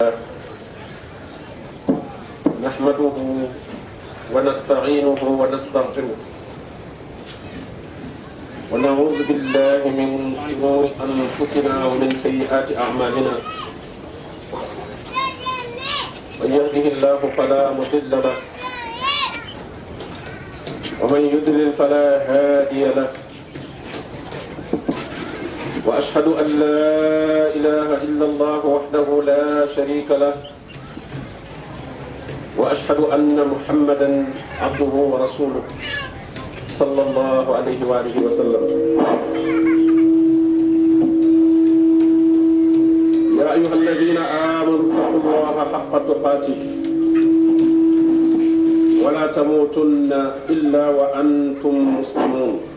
نحمده ونستعينه ونستغفره ونعوذ بالله من شرور انفسنا ومن سيئات اعمالنا من يهده الله فلا مضل له ومن يضلل فلا هادي له وأشهد أن لا إله إلا الله وحده لا شريك له وأشهد أن محمدا عبده ورسوله صلى الله عليه وآله وسلم يا أيها الذين آمنوا اتقوا الله حق تقاته ولا تموتن إلا وأنتم مسلمون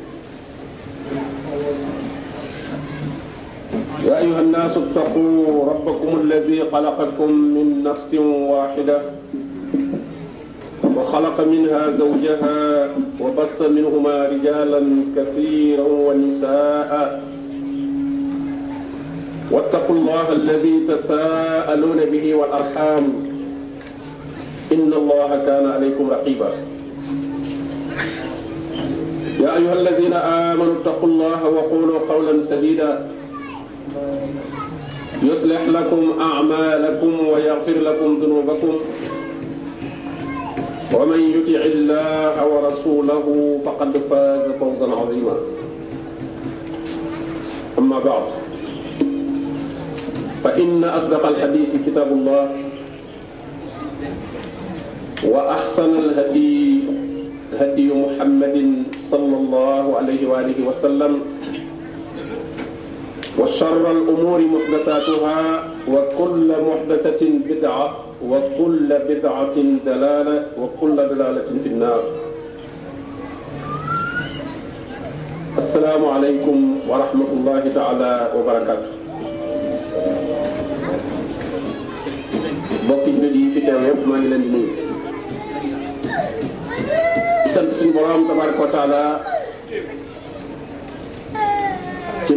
يا أيها الناس اتقوا ربكم الذي خلقكم من نفس واحدة وخلق منها زوجها وبث منهما رجالا كثيرا ونساء واتقوا الله الذي تساءلون به والأرحام إن الله كان عليكم رقيبا يا أيها الذين آمنوا اتقوا الله وقولوا قولا سديدا يصلح لكم أعمالكم ويغفر لكم ذنوبكم ومن يطع الله ورسوله فقد فاز فوزا عظيما أما بعد فإن أصدق الحديث كتاب الله وأحسن الهدي هدي محمد صلى الله عليه وآله وسلم wa sharra al-umuuri muhdasaatuhaa wa kulla muhdasatin bid'a wa kulla bid'atin dalaala wa kulla dalaalatin fi nnaar. asalaamu aleykum wa rahmatullaahi ta'aalaa wa barakaatu. mbokk yi fi teew yëpp maa ngi leen di nuyu. sant suñu borom tabaaraka wa ta'aalaa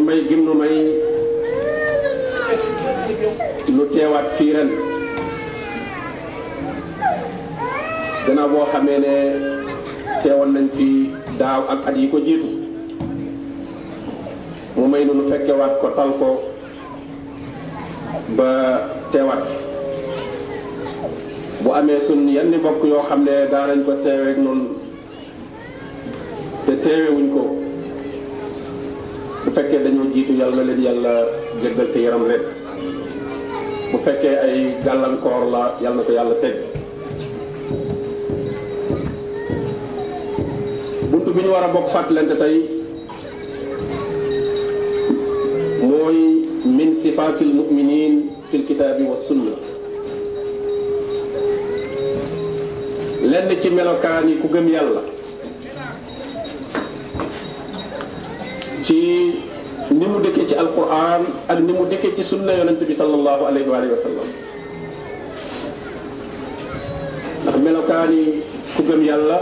may gim nu may nu teewaat fii ren gannaaw boo xamee ne teewoon nañ fi daaw ak at yi ko jiitu mu may nu nu fekkewaat ko tal ko ba teewaat bu amee sun yenn mbokk yoo xam ne daa nañ ko teeweeg noonu te teewewuñ ko bu fekkee dañoo jiitu yàlla na leen yàlla jéggal te yaram leen bu fekkee ay gàllankoor la yàlla na ko yàlla teg bunt bi ñu war a bokk fàttalante tey mooy min sifaatil mu'minin fil kitaabi wa sunna lenn ci melokaan yi ku gëm yàlla ci ni mu dëkkee ci alquran ak ni mu dëkkee ci sunna yonent bi sallallahu alayhi wa sallam ndax melokaani ku gëm yàlla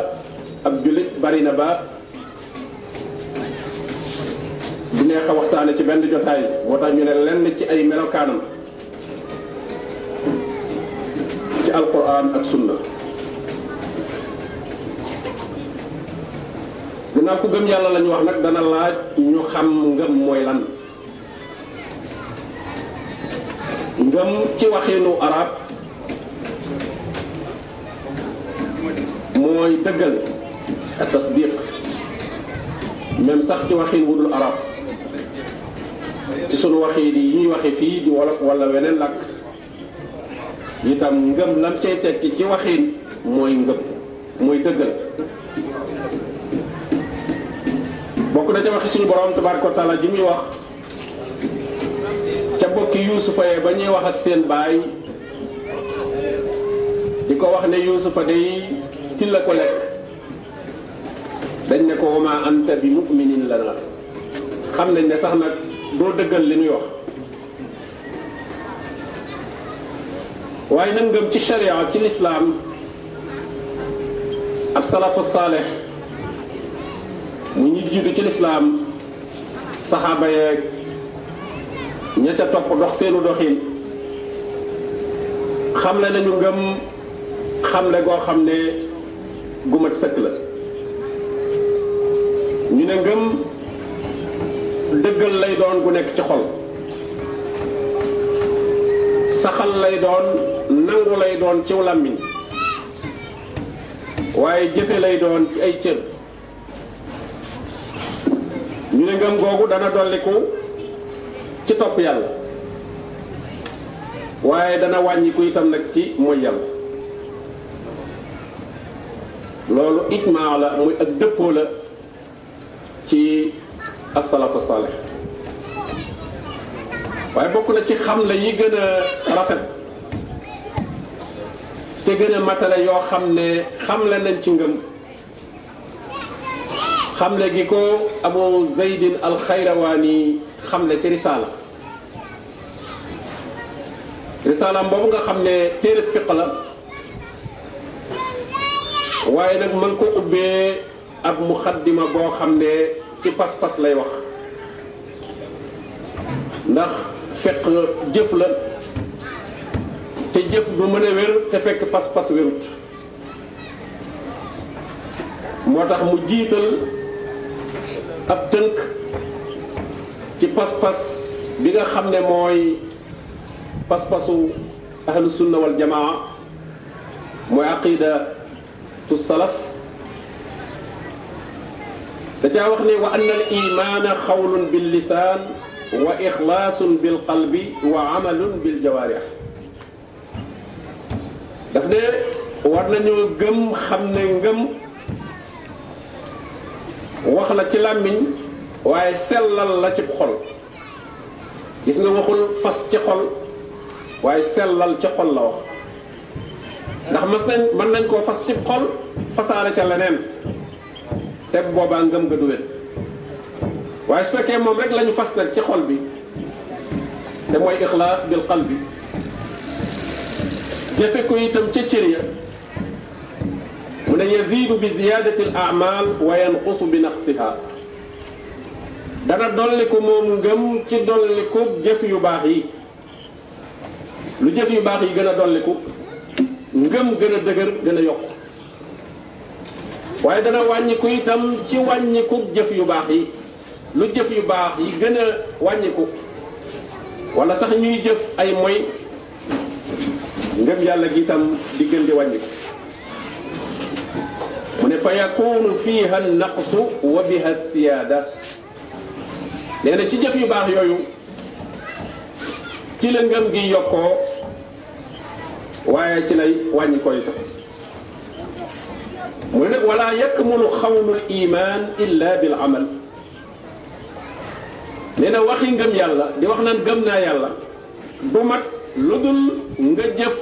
ab jullit bari na ba du neex a ci benn jotaay moo tax ñu ne lenn ci ay melokaanam ci alquran ak sunna gannaaw ku gëm yàlla la wax nag dana laaj ñu xam ngëm mooy lan ngëm ci waxinu arab mooy dëggal a tasdiq même sax ci waxin wudul arab ci sunu waxin yi ñuy waxe fii di wolof wala weneen làkk itam ngëm lam cay tekki ci waxin mooy ngëm mooy dëggal bokk na ca waxi suñu borom tabaraka wa taala ji muy wax ca bokki yuusufa yee ba ñuy wax ak seen baay li ko wax ne yuusufa day til la ko lekk ne ko wama anta bi mu'minin lana xam nañ ne sax nag doo dëggal li ñuy wax waaye nag ngëm ci sharia ci lislaam as-salafu di ci lislaam saxaaba yeeg ña ca topp dox seenu doxin xamle nañu ngëm xamle goo xam ne gu mat sëkk la ñu ne ngëm dëggal lay doon gu nekk ci xol saxal lay doon nangu lay doon ciw làmmiñ waaye jëfe lay doon ci ay cër ñu ne googu dana dolliku ci topp yàlla waaye dana wàññiku itam nag ci mooy yàlla loolu ijmaa la muy ak dëppoo la ci asalafu saalih waaye bokk na ci xam la yi gën a rafet te gën a yoo xam ne xam la nañ ci ngëm xamle gi ko abu zaydin alxayrawaani xamle ci risaala risaalaam boobu nga xam ne téere fiq la waaye nag mën ko ubbee ab muxaddima boo xam ne ci pas-pas lay wax ndax fiq jëf la te jëf bu mën a wér te fekk pas-pas wérut moo tax mu jiital ab tënk ci pas-pas bi nga xam ne mooy pas-pasu ahlu sunna wal jamaa mooy aqidatu salaf da caa wa anna al imaana xawlun bil wa ixlaasun bil qalbi wa amalun bil jawaarix wax la ci làmmiñ waaye sellal la ci xol gis nga waxul fas ci xol waaye sellal ci xol la wax ndax mas nañ mën nañ koo fas ci xol fasaale ca leneen te boobaa ngëm nga waaye su fekkee moom rek lañu fas nag ci xol bi te mooy ixlaas bil qalbi jëfe ko itam ca cër ya ne yazidu bi ziyadati al amal wa yanqusu bi naqsiha dana dolli ko moom ngëm ci dolli ko jëf yu baax yi lu jëf yu baax yi gën a dolli ko ngëm gën a dëgër gën yokk waaye dana wàññiku itam ci wàññiku jëf yu baax yi lu jëf yu baax yi gën a wàññiku wala sax ñuy jëf ay moy ngëm yàlla gi itam di gën di wàññiku ne fa yakunu fiha naqsu wa biha siyaada nee na ci jëf yu baax yooyu ci la ngëm gi yokkoo waaye ci lay wàññi koy sax mu ne nag wala yakmulu xawlul iman illa bil nee na waxi ngëm yàlla di wax naan gëm naa yàlla du mat lu dul nga jëf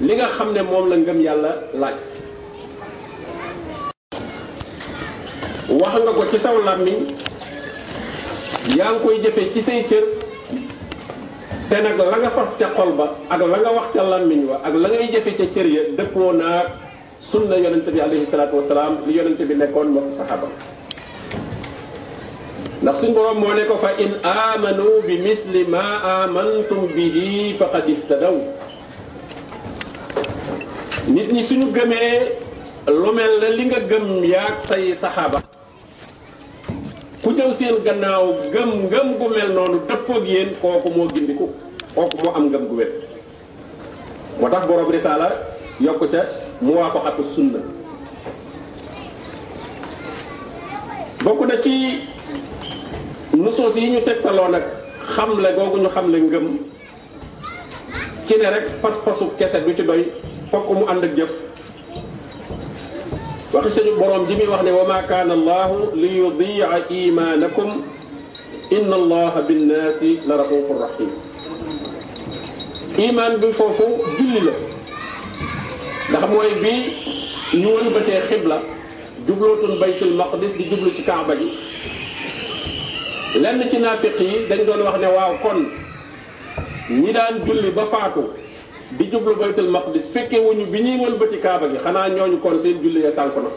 li nga xam ne moom la ngëm yàlla laaj wax nga ko ci saw làmmiñ yaa ngi koy jëfe ci say cër te nag la nga fas ca xol ba ak la nga wax ca làmmiñ wa ak la ngay jëfe ca cër ya dëppoo naag sunna yonente bi alayhi salaatu wasalaam li yonente bi nekkoon moom saxaaba ndax suñ borom moo ne ko fa in amanu bi misli ma amantum bihi faqad ihtadaw nit ñi suñu gëmee lu mel ne li nga gëm yaag say saxaaba ku ñëw seen gannaaw gëm ngëm gu mel noonu dëppoog yéen kooku moo gindiku kooku moo am ngëm gu wér moo tax borom risaala yokku ca muwaafaqatu sunna bokk na ci nusoos yi ñu tegtaloo nag xam le googu ñu xam le ngëm ci ne rek pas-pasu kese bu ci doy fokk mu ànd ak jëf waxi suñu borom ji muy wax ne wa ma kaana allahu li yudiia imaanakum inna allaha binnaasi la raufu rahim imaan bi foofu julli la ndax mooy bi ñu wëlbatee xibla jublootun baytul maqdis di jublu ci kaaba ji lenn ci naafiq dañ doon wax ne waaw kon ñi daan julli ba faatu di jublu baytul maqdis fekke wuñu bi ñuy wëlbati kaaba gi xanaa ñooñu kon seen julli ya sànq na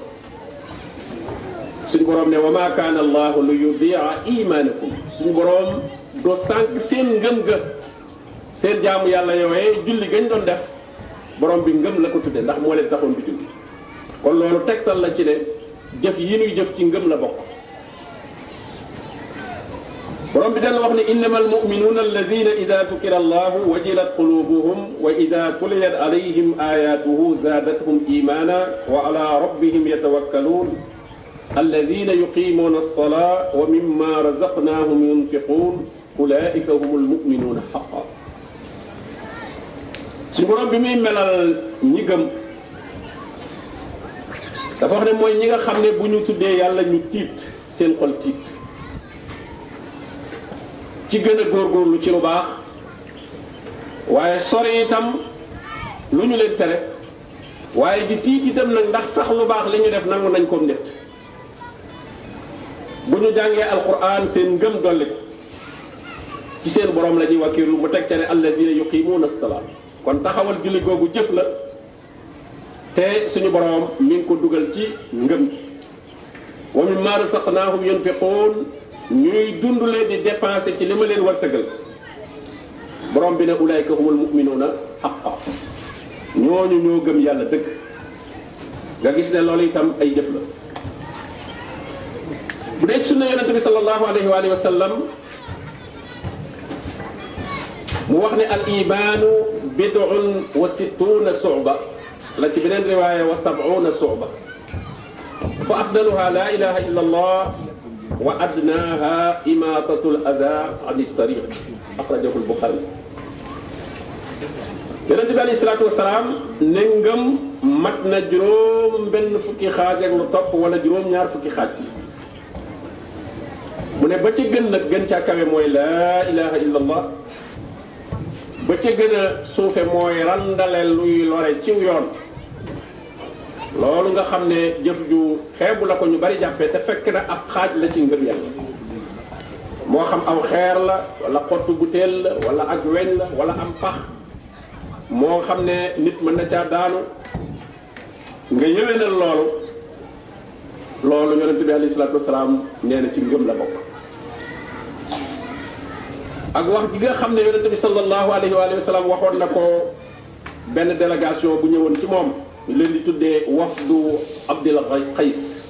suñu borom ne wa maa kaana allahu li yudia imaanakum suñu borom do sànq seen ngëm ga seen jaamu yàlla yooyee julli gañ doon def borom bi ngëm la ko tudde ndax moo leen taxoon bi julli kon loolu tegtal la ci ne jëf yi ñuy jëf ci ngëm la bokk borom bi dana wax ne innamal mu'minuuna alladina ida sukira allahu wajilat qulubuhum wa ida tuliyat alayhim ayatuhu zaadathum imana wa ala rabbihim yatawakkaluun alladina yuqimuuna alsalaa wa mimma razaqnaahum yunfiquun ulaika humul mu'minuuna xaqa su borom bi muy melal ñi gëm dafa wax ne mooy ñi nga xam ne bu ñu tuddee yàlla ñu tiit seen xol tiit ci gën góor góorgóorlu ci lu baax waaye sori itam lu ñu leen tere waaye di tiit dem nag ndax sax lu baax li def nangu nañ ko nit bu ñu jàngee alquran seen ngëm dolli ci seen borom la ñuy wakkiilu mu teg ca ne allazina yuqimuuna salaam kon taxawal julli googu jëf la te suñu borom mi ko dugal ci ngëm wa mimma razaqnaahum yunfiquun ñuy dundulee di dépenser ci li ma leen war sëgal borom bi ne ulaayka humul mu'minuuna haqqa ñooñu ñoo gëm yàlla dëgg nga gis ne loolu itam ay jëf la bu dee sunna yonente bi sallallahu alayhi wa alihi wa sallam mu wax ne al imaanu bid'un wa sittuuna su'ba la ci beneen riwaaya wa sab'uuna su'ba fa afdaluha la ilaha illa allah wa adnaaha imaatatul adaa ani tariq axrajahu lbuxaari yonente bi alayhi salaatu wasalaam ne ngëm mat na juróom benn fukki xaaj ak lu topp wala juróom ñaar fukki xaaj mu ne ba ca gën nag gën caa kawe mooy laa ilaha illallah ba ca gën a suufe mooy randale luy lore ciw yoon loolu nga xam ne jëf ju xeebu la ko ñu bari jàppee te fekk na ab xaaj la ci ngëm yàlla moo xam aw xeer la walla xottu butéel la wala ak weñ la wala am pax moo xam ne nit mën na caa daanu nga yëwénal loolu loolu yonente bi alayhi salaatu wasalaam nee na ci ngëm la bokk ak wax gi nga xam ne yonente bi sallallahu alayhi wa sallam waxoon na ko benn délégation bu ñëwoon ci moom leen di tuddee wafdu Abdul Qays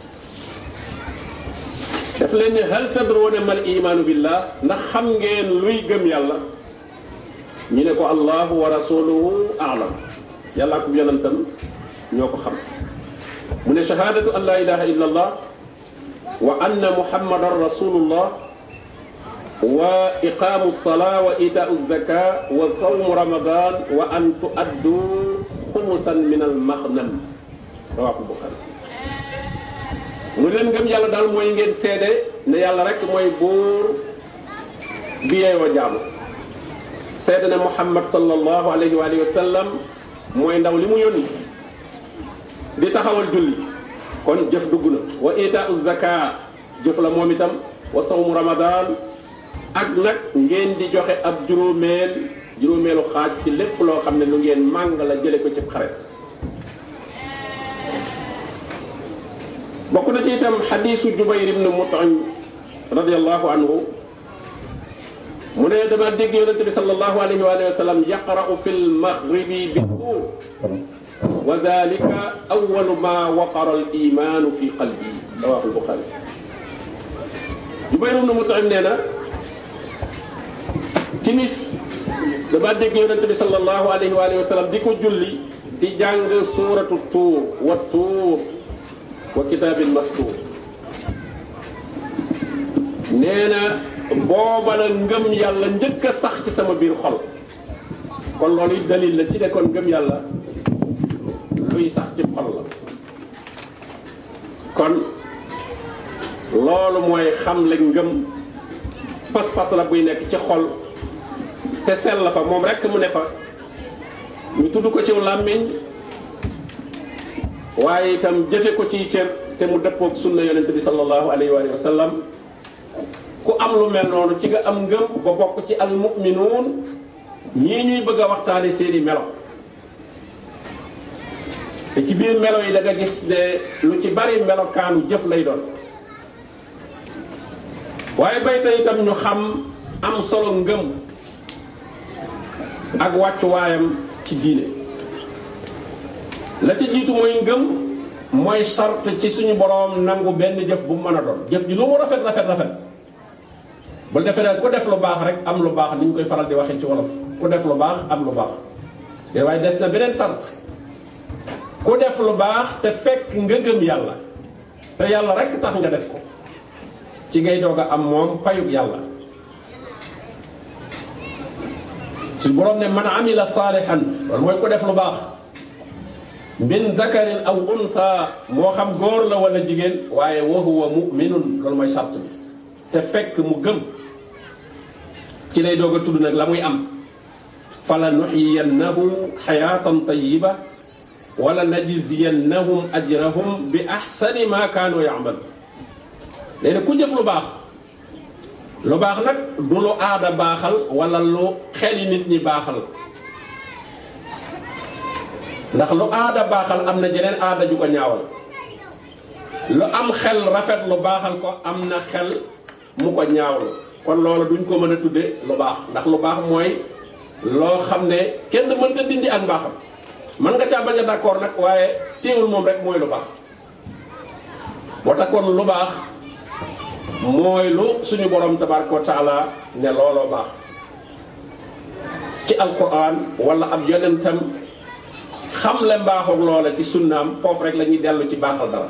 daf leen ne hal tadruna mal imaanu billah ndax xam ngeen luy gëm yàlla ñu ne ko allahu wa rasuluhu a'lam yàlla ak yonentam ñoo ko xam mu ne shahadatu an la ilaha illa allah wa anna muhammadan rasulullah wa iqamu salaa wa itaau zaka wa sawmu ramadan wa an tuaddu xumusan minal maxnan mu leen ngëm yàlla daal mooy ngeen seede ne yàlla rek mooy buur bi yeeyoo jaamu seede ne Muhammad sallallahu alayhi wa alihi mooy ndaw li mu yónni di taxawal julli kon jëf dugg na wa itaau zaka jëf la moom itam wa sawmu ramadan ak nag ngeen di joxe ab juróomeel juróomeelu xaaj ci lépp loo xam ne lu ngeen màng la jële ko ci xaret bokk na ci itam xadiisu Jubayr ibn Mut'im radiyallahu anhu mu ne dama dégg yonente bi sallallahu alayhi wa sallam yaqra'u fil maghribi bi tuur wa dalika awalu ma waqara al imaanu fi qalbi rawahu al buxaari Jubayr ibn Mut'im nee na timis dama dégg yonente bi sallallahu alayhi wa di ko julli di jàng suuratu tuur wa tuur wa kitaabin mastuur nee booba la ngëm yàlla njëkk a sax ci sama biir xol kon loolu it dalil la ci nekkoon ngëm yàlla luy sax ci xol la kon loolu mooy xam le ngëm pas-pas la buy nekk ci xol te sell fa moom rek mu ne fa ñu tudd ko ci làmmiñ waaye itam jëfe ko ci cër te mu dëppoog sunna yonent bi sallallahu alayhi wa ku am lu mel noonu ci nga am ngëm ba bokk ci al mu'minuun ñii ñuy bëgg a waxtaane seeni melo te ci biir melo yi danga gis ne lu ci bari melokaanu jëf lay doon waaye bayta itam ñu xam am solo ngëm ak wàccuwaayam ci diine la ci jiitu mooy ngëm mooy sart ci suñu boroom nangu benn jëf bu mën a doon jëf ji lu mu rafet rafet rafet bu defee nag ku def lu baax rek am lu baax ni ñu koy faral di waxee ci wolof ku def lu baax am lu baax de waaye des na beneen sart ku def lu baax te fekk nga gëm yàlla te yàlla rek tax nga def ko ci ngay doog a am moom payug yàlla suñu borom ne man amila saalihan loolu mooy ku def lu baax min dakarin aw unsa moo xam góor la wala jigéen waaye wa huwa muminun loolu mooy sàrt bi te fekk mu gëm ci lay doog a tudd nag la muy am fala nuxyiyannahu xayaatan tayiba wala najziyannahum ajrahum bi axsani ma kaanu yamalu léegi ku jëf lu baax lu baax nag du lu aada baaxal wala lu xeli nit ñi baaxal ndax lu aada baaxal am na jeneen aada ju ko ñaawal lu am xel rafet lu baaxal ko am na xel mu ko ñaawal kon loolu duñ ko mën a tudde lu baax ndax lu baax mooy loo xam ne kenn mënta dindi ak mbaaxam mën nga caa bañ a d'accord nag waaye téewul moom rek mooy lu baax boo kon lu baax mooy lu suñu borom tabaraka wa taala ne looloo baax ci alquran walla ab yonentam xam le mbaaxoog loola ci sunnaam foofu rek la ñuy dellu ci baaxal dara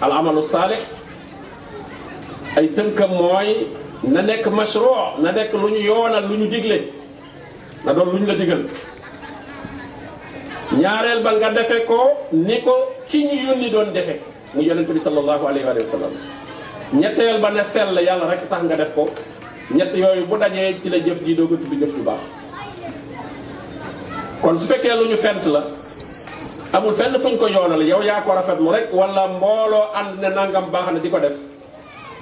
al amalu saalih ay tënkam mooy na nekk mashruu na nekk lu ñu yoonal lu ñu digle na doon lu ñu la digal ñaareel ba nga defe ko ni ko ki ñu yónni doon defe mu yonente bi sallallahu alayhi wa sallam ñetteel ba ne sell yàlla rek tax nga def ko ñett yooyu bu dajee ci la jëf ji doo ko tudd jëf ju baax kon su fekkee lu ñu fent la amul fenn fu ñu ko yoonal yow yaa ko rafetlu rek wala mbooloo ànd ne nangam baax na di ko def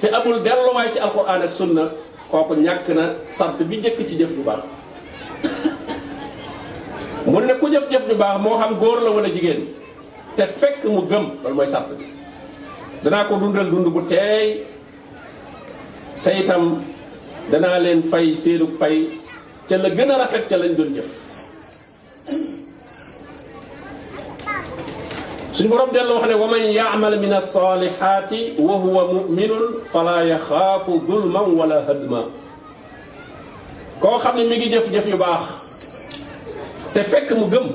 te amul delluwaay ci alxuraan ak sunna kooku ñàkk na sart bi njëkk ci jëf ju baax mu ne ku jëf jëf ju baax moo xam góor la wala jigéen te fekk mu gëm loolu mooy sart bi danaa ko dundal dund bu teey te danaa leen fay seenu pay ca la gën a rafet ca lañ doon jëf suñu borom dellu wax ne wa man yaamal min alsalihati wa huwa muminun fala yaxaafu dulman wala hadma koo xam ne mi ngi jëf-jëf yu baax te fekk mu gëm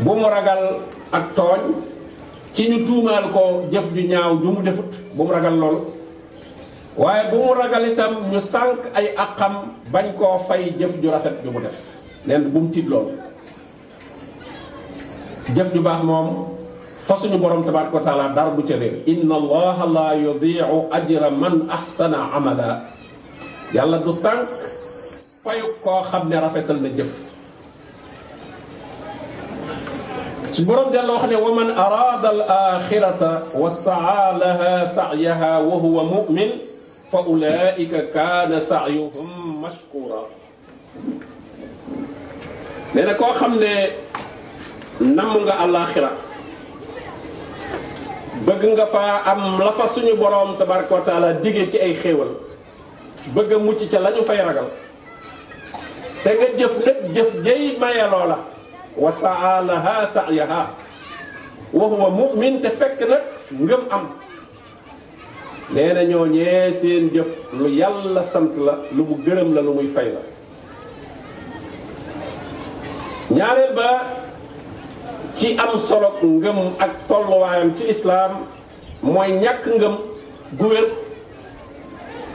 bu mu ragal ak tooñ ci ñu tuumaal ko jëf ju ñaaw ju mu defut bu mu ragal loolu waaye bu mu ragal itam ñu sànq ay àqam bañ koo fay jëf ju rafet ju mu def leen bu mu tiit jëf ju baax moom fa suñu boroom tabaaraka wa taala dara du ca réer inna allaha la yudiicu ajra man ahsana amala yàlla du sànq fayu koo xam ne rafetal na jëf ci borom jàlla wax ne wa man araada al axirata wa sa'a laha sa'yaha wa huwa mu'min fa ulaika kaana sa'yuhum mashkura nee na koo xam ne namm nga àllaaxira bëgg nga fa am la fa suñu borom tabaraka wa taala ci ay xéewal bëgg a mucc ca lañu ñu fay ragal te nga jëf nag jëf jëy maye loola wa saa laha sa'yaha mu'min te fekk nag ngëm am nee na ñoo ñee seen jëf lu yàlla sant la lu mu gërëm la lu muy fay la ñaareel ba ci am solo ngëm ak tolluwaayam ci islaam mooy ñàkk ngëm gu wér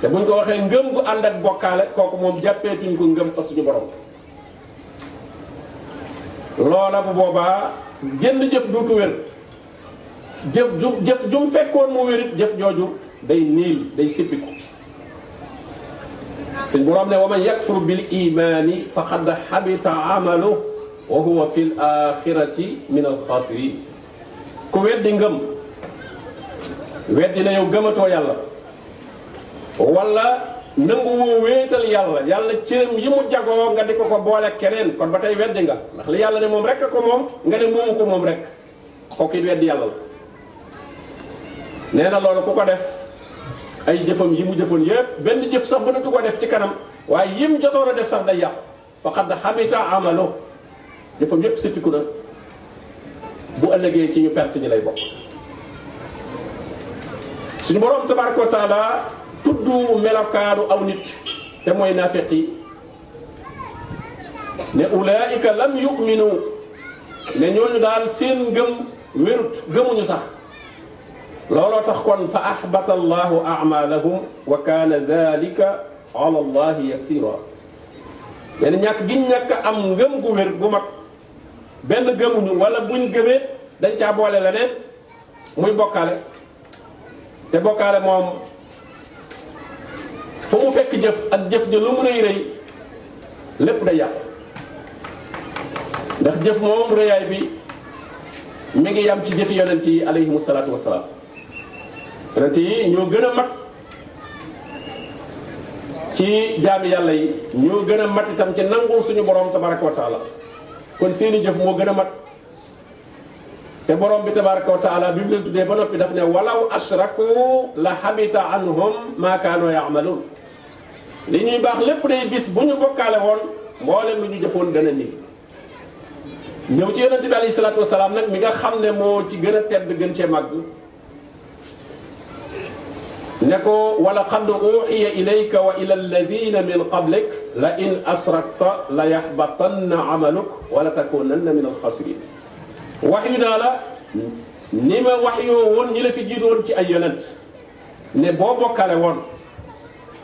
te buñ ko waxee ngëm bu ànd ak bokkaale kooku moom jàppeetuñ ko ngëm fa suñu borom loola bu boobaa jënd jëf duutu wér jëf ju jëf jum fekkoon mu wérit jëf jooju day niil day sippiku suñ borom ne wa man yakfur bil imani faqad habita amalu wa huwa fil axirati min al xasirin ku weddi ngëm weddi na yow gëmatoo yàlla nangu woo wéetal yàlla yàlla cëram yi mu jagoo nga di ko ko boole keneen kon ba tey weddi nga ndax li yàlla ne moom rek ko moom nga ne moomu ko moom rek kooku it weddi yàlla la nee na loolu ku ko def ay jëfam yi mu jëfoon yëpp benn jëf sax mënatu ko def ci kanam waaye yim jotoon a def sax day yàqu faqad xamita amalo jëfam yëpp sëppiku na bu ëllëgee ci ñu perte ñi lay bokk suñu borom tabaraka wa taala tudd melokaanu aw nit te mooy naafeq yi ne ulaayika lam yuminu ne ñooñu daal seen ngëm wérut gëmuñu sax looloo tax kon fa axbata allahu amalahum wa kaana dalika ala allahi yasira ñàkk giñ ñàkk am ngëm gu wér gu mag benn gëmuñu wala buñ gëmee dañ caa boole leneen muy bokkaale te bokkaale moom fa mu fekk jëf ak jëf ja lu mu rëy rëy lépp day yàqu ndax jëf moom rëyaay bi mi ngi yam ci jëfi yonent yi alayhimu salaatu wasalaam yonent yi ñoo gën a mat ci jaami yàlla yi ñoo gën a mat itam ci nangul suñu borom tabaraka wa taala jëf moo gën a mat te borom bi tabaraka wa taala bi ñu leen tuddee ba noppi daf ne walaw ashraku la habita anhum ma kaanu ya'malun li ñuy baax lépp day bis bu ñu bokkaale woon mboolem lu ñu defoon dana nii ñëw ci yonente bi alayhi salaatu wasalaam nag mi nga xam ne moo ci gën a tedd gën cee màgg ne ko wala qad uuxiya ilayka wa ila alladina min qablik la in asrakta la yaxbatanna amaluk wala takunanna min alxasirin wax yu naa la ni ma wax yo woon ñi la fi jiitu ci ay yonent ne boo bokkale woon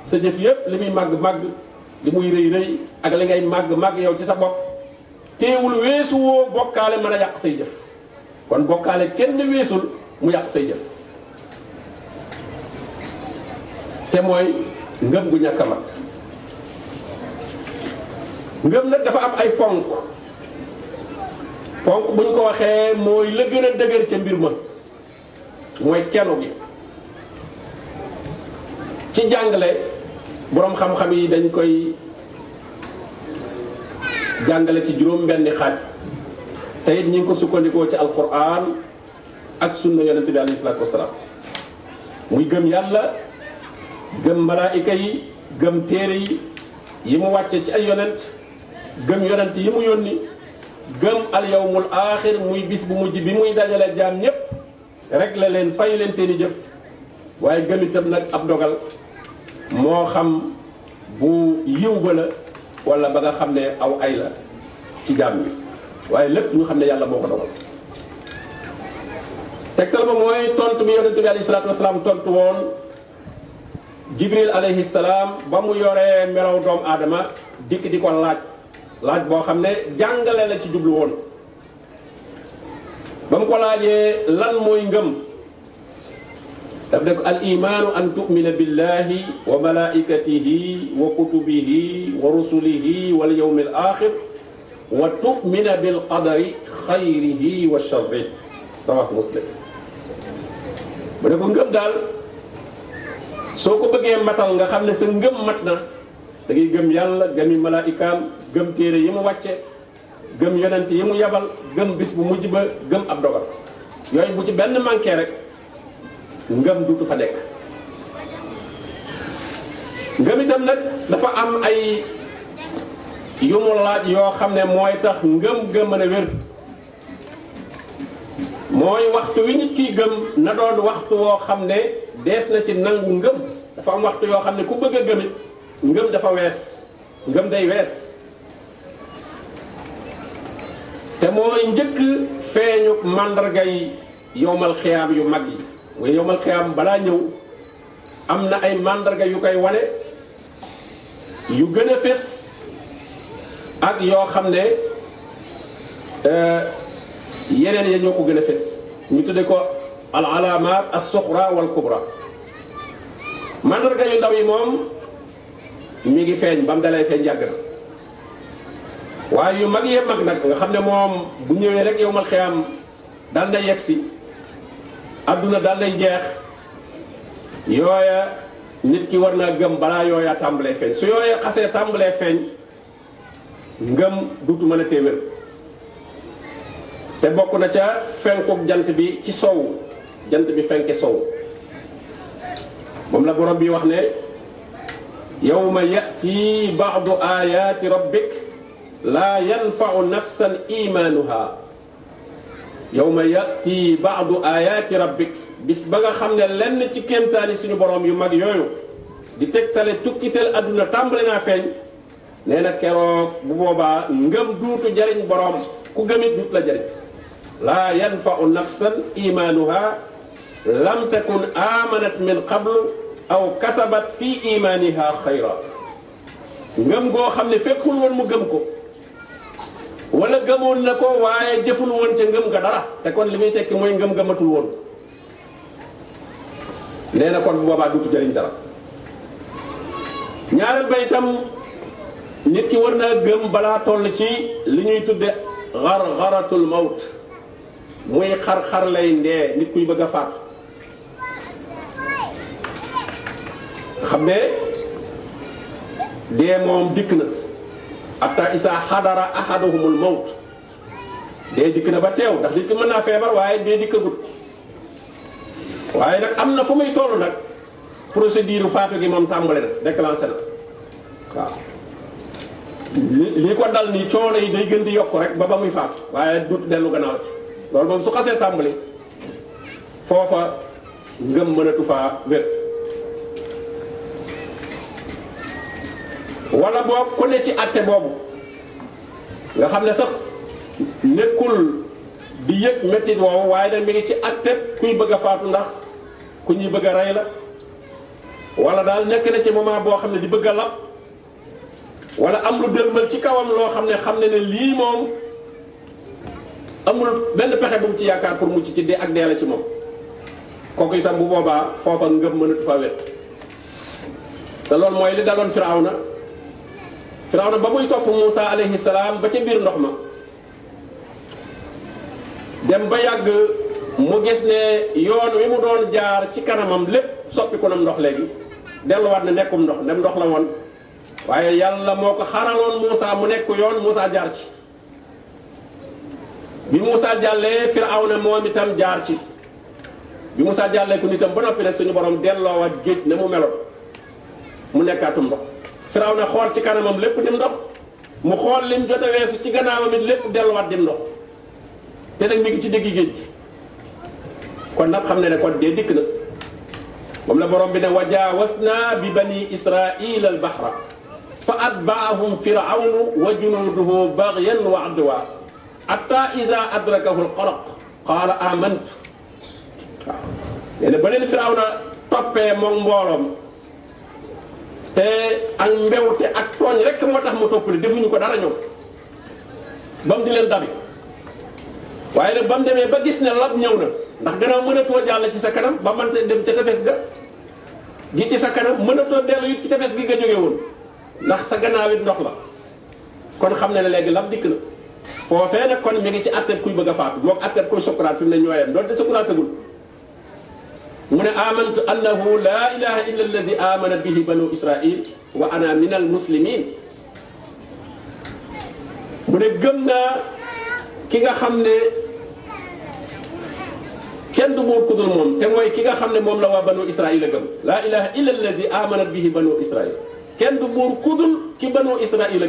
sa jëf yépp li muy màgg màgg li muy rëy rëy ak li ngay màgg màgg yow ci sa bopp teewul weesu woo bokkaale mën a yàq say jëf kon bokkaale kenn weesul mu yàq say jëf te mooy ngëm gu ñàkka a ngëm nag dafa am ay ponk ponk bu ñu ko waxee mooy la gën dëgër ca mbir ma mooy kenu gi ci jàngale boroom xam-xam yi dañ koy jàngale ci juróom-benni xaaj te it ñu ko sukkandikoo ci alquran ak sunna yonente bi alayhi salaatu muy gëm yàlla gëm malaayika yi gëm téere yi yi mu wàcce ci ay yonent gëm yonent yi mu yónni gëm al yawmul aaxir muy bis bu mujj bi muy dajale jaam ñépp rek la leen fay leen seeni jëf waaye gëm itam nag ab dogal moo xam bu yiw ba la wala ba nga xam ne aw ay la ci jaam bi waaye lépp ñu xam ne yàlla moo ko dogal tegtal ba mooy tontu bi yonente bi alayhi salaatu woon jibril alayhi salaam ba mu yore melaw doomu aadama dikk di ko laaj laaj boo xam ne jàngale la ci jublu woon ba mu ko laajee lan mooy ngëm daf ne ko al imaanu an tumina billahi wa malaikatihi wa kutubihi wa rusulihi wal yawmi al wa tumina bil qadari xayrihi wa charrih rawaahu muslim mu ne ko ngëm daal soo ko bëggee matal nga xam ne sa ngëm mat na da ngay gëm yàlla gëmi malaikaam gëm téere yi mu wàcce gëm yonent yi mu yabal gëm bis bu mujj ba gëm ab bu ci benn manqué rek ngëm duutu fa nekk ngëm itam dafa am ay yu mu yoo xam ne mooy tax ngëm nga mën a wér mooy waxtu wi nit kiy gëm na doon waxtu woo xam ne dees na ci nangu ngëm dafa am waxtu yoo xam ne ku bëgg a gëmit ngëm dafa wees ngëm day wees te mooy njëkk feeñu màndarga yi yowmal yu mag yi mooy yowmal xiyaam balaa ñëw am na ay màndarga yu koy wane yu gën ak yoo xam ne euh, yeneen ya ñoo ñu tudde ko as suxra wal kubra màndarga yu ndaw yi moom mi ngi feeñ ba mu dalee feeñ waaye yu mag yee mag nag nga xam ne moom bu ñëwee rek yowmal xiyaam dal na yegg si adduna daal lay jeex yooya nit ki war naa gëm balaa yooya tàmbalee feeñ su yooya xasee tàmbalee feeñ ngëm duutu mën téewér te bokk na ca fenkuk jant bi ci soow jant bi fenke sow moom la borom bi wax ne yawma yati baadu ayaati rabbik laa yanfau nafsan imaanuha yawma yati baadu ayaati rabbik bis ba nga xam ne lenn ci kéemtaani suñu borom yu mag yooyu di tegtale tukkiteel adduna tàmbali naa feeñ nee na keroog bu boobaa ngëm duutu jariñ borom ku gëmit duut la jariñ laa yanfau nafsan imaanuha lam takun amanat min qablu aw kasabat fi imaaniha xayra ngëm goo xam ne fekkul woon mu gëm ko wala gëmoon na ko waaye jëful woon ca ngëm ga dara te kon li muy tekki mooy ngëm ga matul woon nee na kon bu boobaa duutu jëriñ dara ñaareel ba itam nit ki war naa gëm balaa toll ci li ñuy tudde xar-xaratul mawt muy xar-xar lay ndee nit kuy bëgg a faatu xam ne dee moom dikk na hatta isaa xadara ahaduhumul mawt dee dikk na ba teew ndax nit ki mën naa feebar waaye dee dikkagut waaye nag am na fu muy toll nag procédure faatu gi moom tàmbale na déclenché na waaw li ko dal ni coono yi day gën di yokk rek ba ba muy faatu waaye duut dellu gannaaw ci loolu moom su xasee tàmbali foofa ngëm mënatu faa wér wala boobu ku ne ci àtte boobu nga xam ne sax nekkul di yëg métit woowu waaye nag mi ngi ci àtte kuy bëgg a faatu ndax ku ñuy bëgg a rey la wala daal nekk na ci moment boo xam ne di bëgg a lab wala am lu dërmal ci kawam loo xam ne xam ne ne lii moom amul benn pexe bu mu ci yaakaar pour mu ci ci dee ak dee la ci moom kooku itam bu boobaa foofa ngëm mënatu fa wet te loolu mooy li daloon na Firawna ba muy topp Moussa alayhi salaam ba ca biir ndox ma dem ba yàgg mu gis ne yoon wi mu doon jaar ci kanamam lépp soppi ko ndox léegi delluwaat na nekkum ndox dem ndox la woon waaye yàlla moo ko xaraloon Moussa mu nekk yoon Moussa jaar ci bi Moussa jàllee Firawna moom itam jaar ci bi Moussa jàllee ku nitam ba noppi nag suñu borom delloowaat géej ne mu meloon mu nekkaatum ndox firaaw na xool ci kanamam lépp dim ndox mu xool lim jot a weesu ci gannaawam it lépp delluwaat dim ndox te nag mi ngi ci diggi géej gi kon nag xam ne ne kon dee dikk na moom la borom bi ne wa jaawasnaa bi bani israil al bahra fa atbaahum firawnu wa junuuduhu bagyan wa adwa hatta ida adrakahu al qaraq qaala amantu waaw lee ne ba leen firawna toppee moom mbooloom te ak mbewte ak tooñ rek moo tax mu toppale defuñu ko dara ñoom ba mu di leen dabi waaye nag ba mu demee ba gis ne lab ñëw na ndax gannaaw mënatoo jàll ci sa kanam ba man dem ca tefes ga gi ci sa kanam mënatoo dellu it ci tefes gi nga jóge woon ndax sa gannaaw it ndox la kon xam ne ne lab dikk na foofee nag kon mi ngi ci àtteeb kuy bëgg a faatu moog àtteeb kuy sukuraat fi mu ne ñooyam doonte sukuraatagul mu ne amantu annahu laa ilaha illa alladi amana bihi banu israil wa min al muslimin ne gëm ki nga xam ne kenn du buur kudul moom te ki nga xam ne moom la waa banu israil a la laa ilaha illa alladi amana bihi banu israil kenn du buur kudul ki banu israil a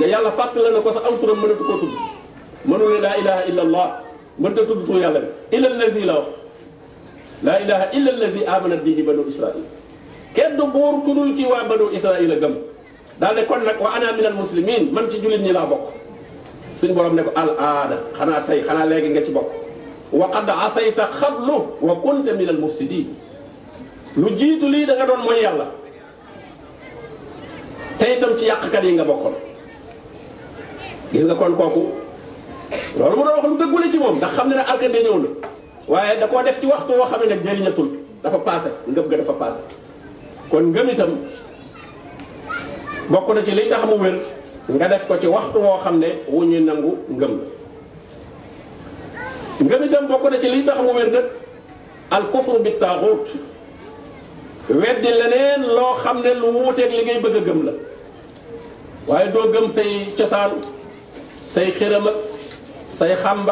yàlla fàttale na ko sa aw turam mënatu ko tudd illa allah yàlla illa alladi laa ilaha illa alladi amanat bihi banu israil kenn du buur ku dul kii waa banu israil a gëm daal ne kon nag wa ana minal muslimin man ci jullit ñi laa bokk suñ boroom ne ko al aada xanaa tey xanaa léegi nga ci bokk wa qad asayta xablu wa kunta minal mufsidin lu jiitu lii da nga doon mooy yàlla tey itam ci yàqkat yi nga bokkoon gis nga kon kooku loolu mu doon wax lu dëggule ci moom ndax xam ne ne alkande ñëw na waaye da koo def ci waxtu woo xam ne nag jëriñatul dafa paase ngëm ga dafa paase kon ngëm itam bokk na ci liy tax mu wér nga def ko ci waxtu woo xam ne wu ñuy nangu ngëm ngëm itam bokk na ci li tax mu wér nag al kufru bi weddi leneen loo xam ne lu wuuteeg li ngay bëgg a gëm la waaye doo gëm say cosaan say xiram say xàmb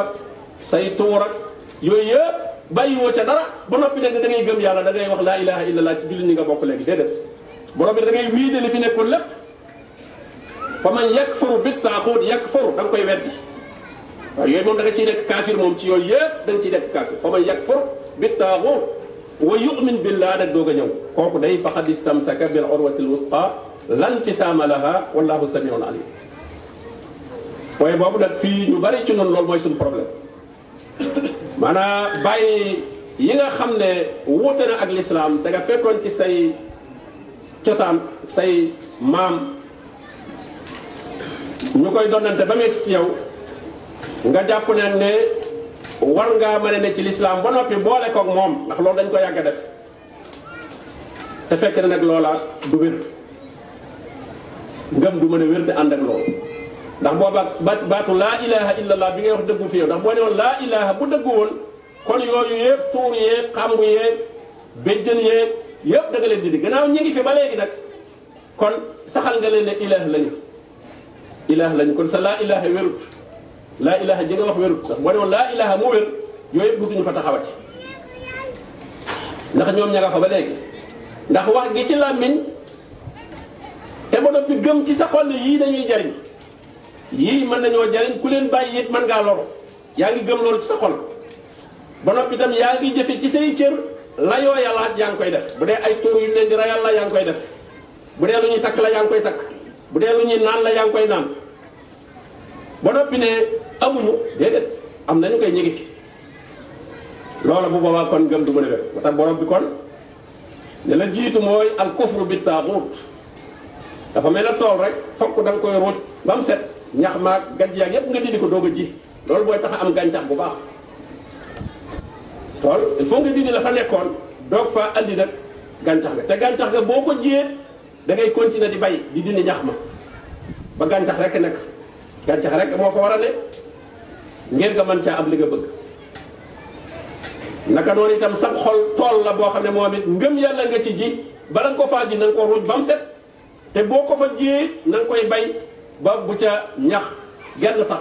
say tuur yooyu yëpp bàyyiwoo ca dara ba noppi nag da ngay gëm yàlla da ngay wax laa ilaha illallah ci jullit ñi nga bokk léegi déedéet borom bi da ngay wiide li fi nekkoon lépp fa man yakfuru bit taaxuut yakfuru da nga koy weddi waaw yooyu moom da nga ciy nekk kaafir moom ci yooyu yëpp da nga ciy nekk kaafir fa man yakfuru bit taaxuut wa yu'min billah nag doog a ñëw kooku day faqad istamsaka bil urwatil wusqa lan fisaama laha wallahu samiun alim waaye boobu nag fii ñu ci noonu loolu mooy suñu problème maanaam bàyyi yi nga xam ne wuute na ak lislaam da nga fekkoon ci say cosaan say maam ñu koy donnante ba mu ci yow nga jàpp ne ne war ngaa mën a ne ci lislaam ba noppi boole koog moom ndax loolu dañ ko yàgg a def te fekk na nag loola du wér ngëm du mën a wér te ànd ak loolu ndax booba baatu laa ilaha illallah bi ngay wax dëggu fi yow ndax boo ne woon laa ilaha bu dëggu woon kon yooyu yëpp tuur yeeg xàmbu yeeg béjjën yeeg yëpp da nga leen di di gannaaw ñu ngi fi ba léegi nag kon saxal nga leen ne ilaah lañu ilaah lañu kon sa laa ilaha wérut laa ilaha ji nga wax wérut ndax boo ne woon laa ilaha mu wér yooyu yëpp dutuñu fa taxawati ndax ñoom ña nga fa ba léegi ndax wax gi ci làmmiñ te ba noppi gëm ci sa xol yii dañuy jariñ yii mën nañoo jariñ ku leen bàyyi it man ngaa loru yaa ngi gëm loolu ci sa xol ba noppi itam yaa ngi jëfe ci say cër la yoo yàllaaj yaa ngi koy def bu dee ay tuur yu leen di rayal la yaa ngi koy def bu dee lu ñuy takk la yaa ngi koy takk bu dee lu ñuy naan la yaa ngi koy naan ba noppi ne amuñu déedéet am nañu koy ñegi fi loola bu boobaa kon ngëm du mën a wér tax borom bi kon ne la jiitu mooy ak kufru bi taaxuut dafa mel ne tool rek fokk da nga koy ruuj ñax maag gàncax yaag yëpp nga dindi ko doog a ji loolu booy tax am gàncax bu baax. tool foo faut nga dindi la fa nekkoon doog faa andi nag gàncax ga te gàncax ga boo ko jiyee da ngay continuer di bay di dindi ñax ma ba gàncax rek nekk gàncax rek moo fa war a ne ngir nga mën caa am li nga bëgg. naka noonu itam sam xol tool la boo xam ne moom it ngëm yàlla nga ci ji bala nga ko faa ji na nga ko ruuj ba mu set te boo ko fa jiyee na nga koy bay. ba bu ca ñax genn sax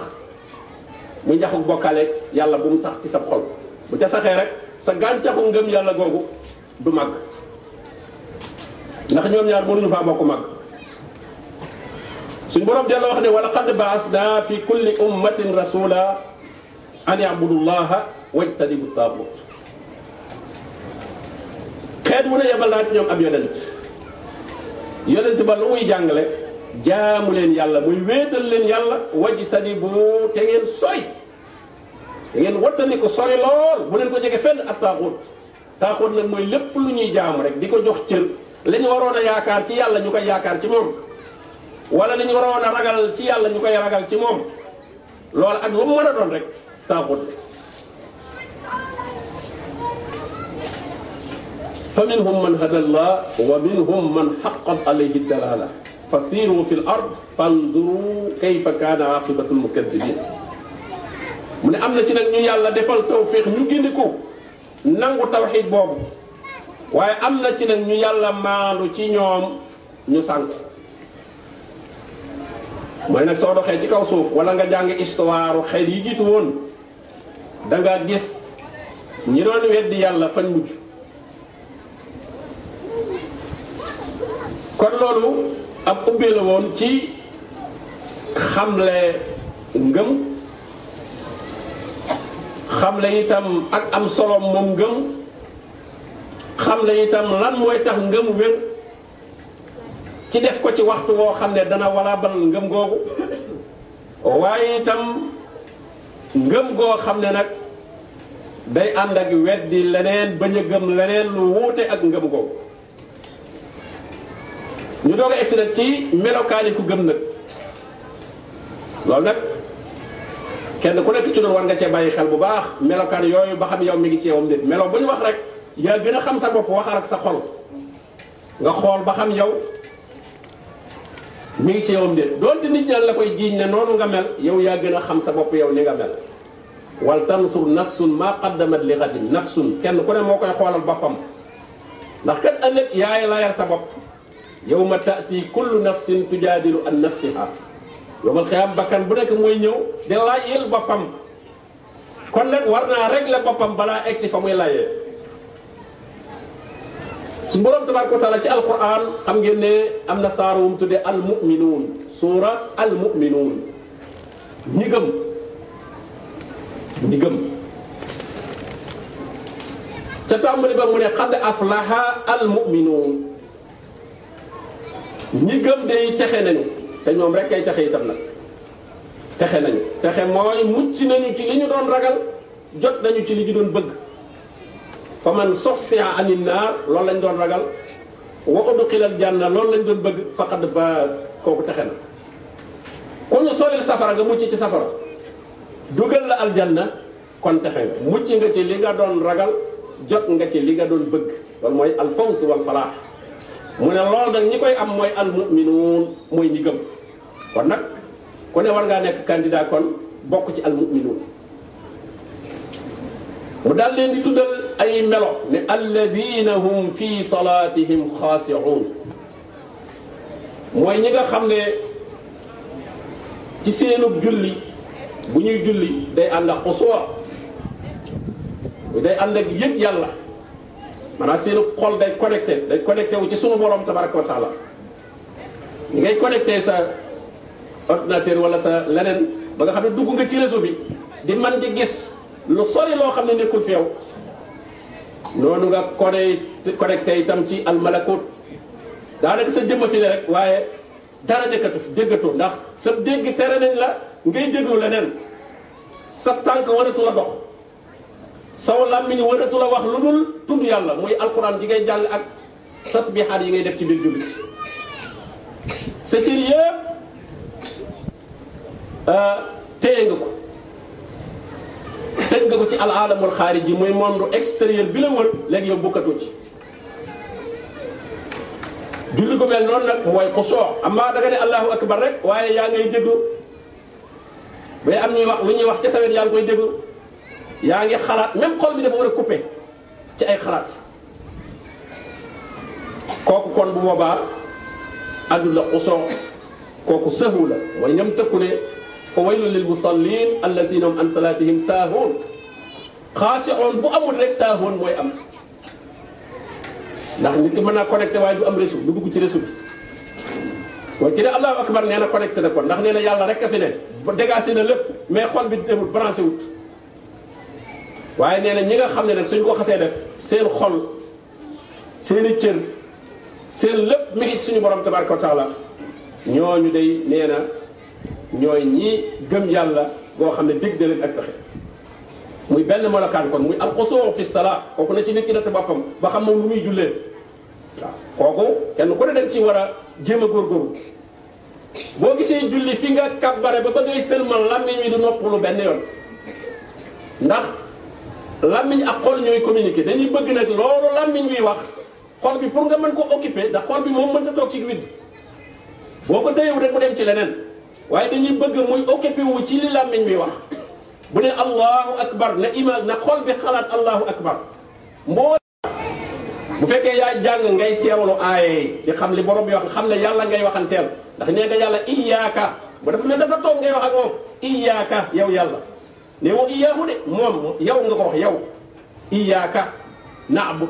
mu ñaxu bokkale yàlla bu mu sax ci sa xol bu ca saxee rek sa gàncaxu ngëm yàlla googu du màgg ndax ñoom ñaar mënuñu faa bokk màgg suñ borom jàlla wax ne wala qad baasna fi kulli ummatin rasula an yabudu llaha wajtanibu taagut xeet naa ci ñoom ab yonent yonent ba lu muy jàngale jaamu leen yàlla muy wéetal leen yàlla wajtani bu te ngeen sori te ngeen wattani ko sori lool bu leen ko jege fenn ak taaxut taaxut nag mooy lépp lu ñuy jaamu rek di ko jox cër li waroon a yaakaar ci yàlla ñu koy yaakaar ci moom wala li ñu waroon a ragal ci yàlla ñu koy ragal ci moom lool ak lu mu mën a doon rek taaxut fa minhum man hada Allah wa minhum man haqqat alayhi dalala fasiru fil ard fanzuru kayfa kaana aqibatul mukaththibin mu ne am na ci nag ñu yàlla defal tawfiix ñu ko nangu tawxiid boobu waaye am na ci nag ñu yàlla maandu ci ñoom ñu sànk mooy nag soo doxee ci kaw suuf wala nga jàng histoire xel yi jiitu woon da gis ñi doon weddi yàlla fan mujj kon loolu am ubbee la woon ci xamle ngëm xamle itam ak am solo moom ngëm xamle itam lan mooy tax ngëm wér ci def ko ci waxtu woo xam ne dana wala ban ngëm googu waaye itam ngëm goo xam ne nag day ànd ak weddi leneen bañ a gëm leneen lu wuute ak ngëm googu ñu doog a egsi nag ci melokaani ku gëm nag loolu nag kenn ku nekk ci doon war nga cee bàyyi xel bu baax melokaan yooyu ba yow mi ngi ci yowam melo bu ñu wax rek yaa gën a xam sa bopp waxal ak sa xol xool ba xam yow mi ngi ci yowam nit doonte nit ñaan la koy jiiñ ne noonu nga mel yow yaa gën a xam sa bopp yow ni nga mel wal tansur sun maa qaddamat li xatin nafsun kenn ku ne moo koy xoolal boppam ndax kat ëllëg yaay layal sa bopp yawma taati kullu nafsin tujaadilu an nafsiha yawmal xiyaam bakkan bu nekk mooy ñëw di laayil boppam kon nag war naa la boppam balaa egg si fa muy laayee su borom tabaaraka wa taala ci alquran xam ngeen ne am na saar wu tuddee almuminuun suura almuminuun ñi gëm ñi gëm ca tàmbali ba mu ne xad aflaha almuminuun ñi gëm day texe nañu te ñoom rek kay texe tam nag texe nañu texe mooy mucc nañu ci li ñu doon ragal jot nañu ci li ñu doon bëgg fa man soxsiya anin loolu lañ doon ragal wa udxilal loolu lañ doon bëgg faqad faas kooku texe na ku ñu soril safara nga mucc ci safara dugal la aljanna kon texe nga mucc nga ci li nga doon ragal jot nga ci li nga doon bëgg loolu mooy alfaws wal falaax mu ne loolu nag ñi koy am mooy al muminuun mooy ñi kon nag ku ne war ngaa nekk candidat kon bokk ci al muminuun mu dal leen di tuddal ay melo ne alladina hum fi salatihim xaasiuun mooy ñi nga xam ne ci seenub julli bu ñuy julli day ànd ak xusuwa day ànd ak yëg yàlla maanaam seen xol day connecté day connecté wu ci sunu borom tabaraka wa taala ni ngay connecté sa ordinateur wala sa leneen ba nga xam ne dugg nga ci réseau bi di man di gis lu sore loo xam ne nekkul fi yow noonu nga connecté connecté itam ci almalakut daanaka sa jëmma fi ne rek waaye dara nekkatu déggatu ndax sa dégg tere nañ la ngay déglu leneen sa tànk waratu la dox saw làmmiñ waratu la wax lu dul tudd yàlla muy alxuraan ji ngay jàll ak tasbihaat yi ngay def ci biir julli sa cër yëpp euh, téye nga ko teg nga ko ci al alamul xaarij yi muy monde extérieur bi la wër léegi yow bokkatoo ci julli ko mel noonu nag mooy ko soox amaa da nga allahu akbar rek waaye yaa ngay déglu bay am ñuy wax lu ñuy wax ca sawet yaa ngi koy déglu yaa ngi xalaat même xol bi dafa war a coupé ci ay xalaat kooku kon bu boobaa addu la usoo kooku sahu la way ñam tëkku ne fa waylun lil musallin allazina hum an salatihim saahuun xaasi'oon bu amul rek saahuun mooy am ndax ti ki mën naa connecté waaye bu am réseau du dugg ci réseau bi waaye ki ne allahu akbar ne na connecté na kon ndax nee na yàlla rek a fi ne ba dégagé na lépp mais xol bi demul branché wut waaye nee na ñi nga xam ne nag suñu ko xasee def seen xol seen i seen lépp mi ngi suñu borom tabaraka wa taala ñooñu day nee na ñooy ñi gëm yàlla goo xam ne digg leen ak taxe muy benn molokaan kon muy alxusuu fi salaa kooku na ci nit ki natt boppam ba xam moom lu muy jullee waaw kooku kenn ku ne dañ ci war a jéem a góorgóorlu boo gisee julli fi nga kabbare ba ba seen sëlmal làmmiñ wi du noppalu benn yoon ndax làmmiñ ak xol ñooy communiquer dañuy bëgg nag loolu làmmiñ wi wax xol bi pour nga mën ko occuper ndax xol bi moom mënta toog ci vide boo ko téyewu rek mu dem ci leneen waaye dañuy bëgg muy occuper wu ci li làmmiñ wi wax bu ne allahu akbar na ima na xol bi xalaat allahu akbar mboo bu fekkee yaa jàng ngay teewlu aaye di xam li borom bi wax xam ne yàlla ngay waxanteel ndax nee nga yàlla iyaaka ba dafa mel dafa toog ngay wax ak moom iyaaka yow yàlla ne woo iyaahu de moom yow nga ko wax yow iyaaka naabu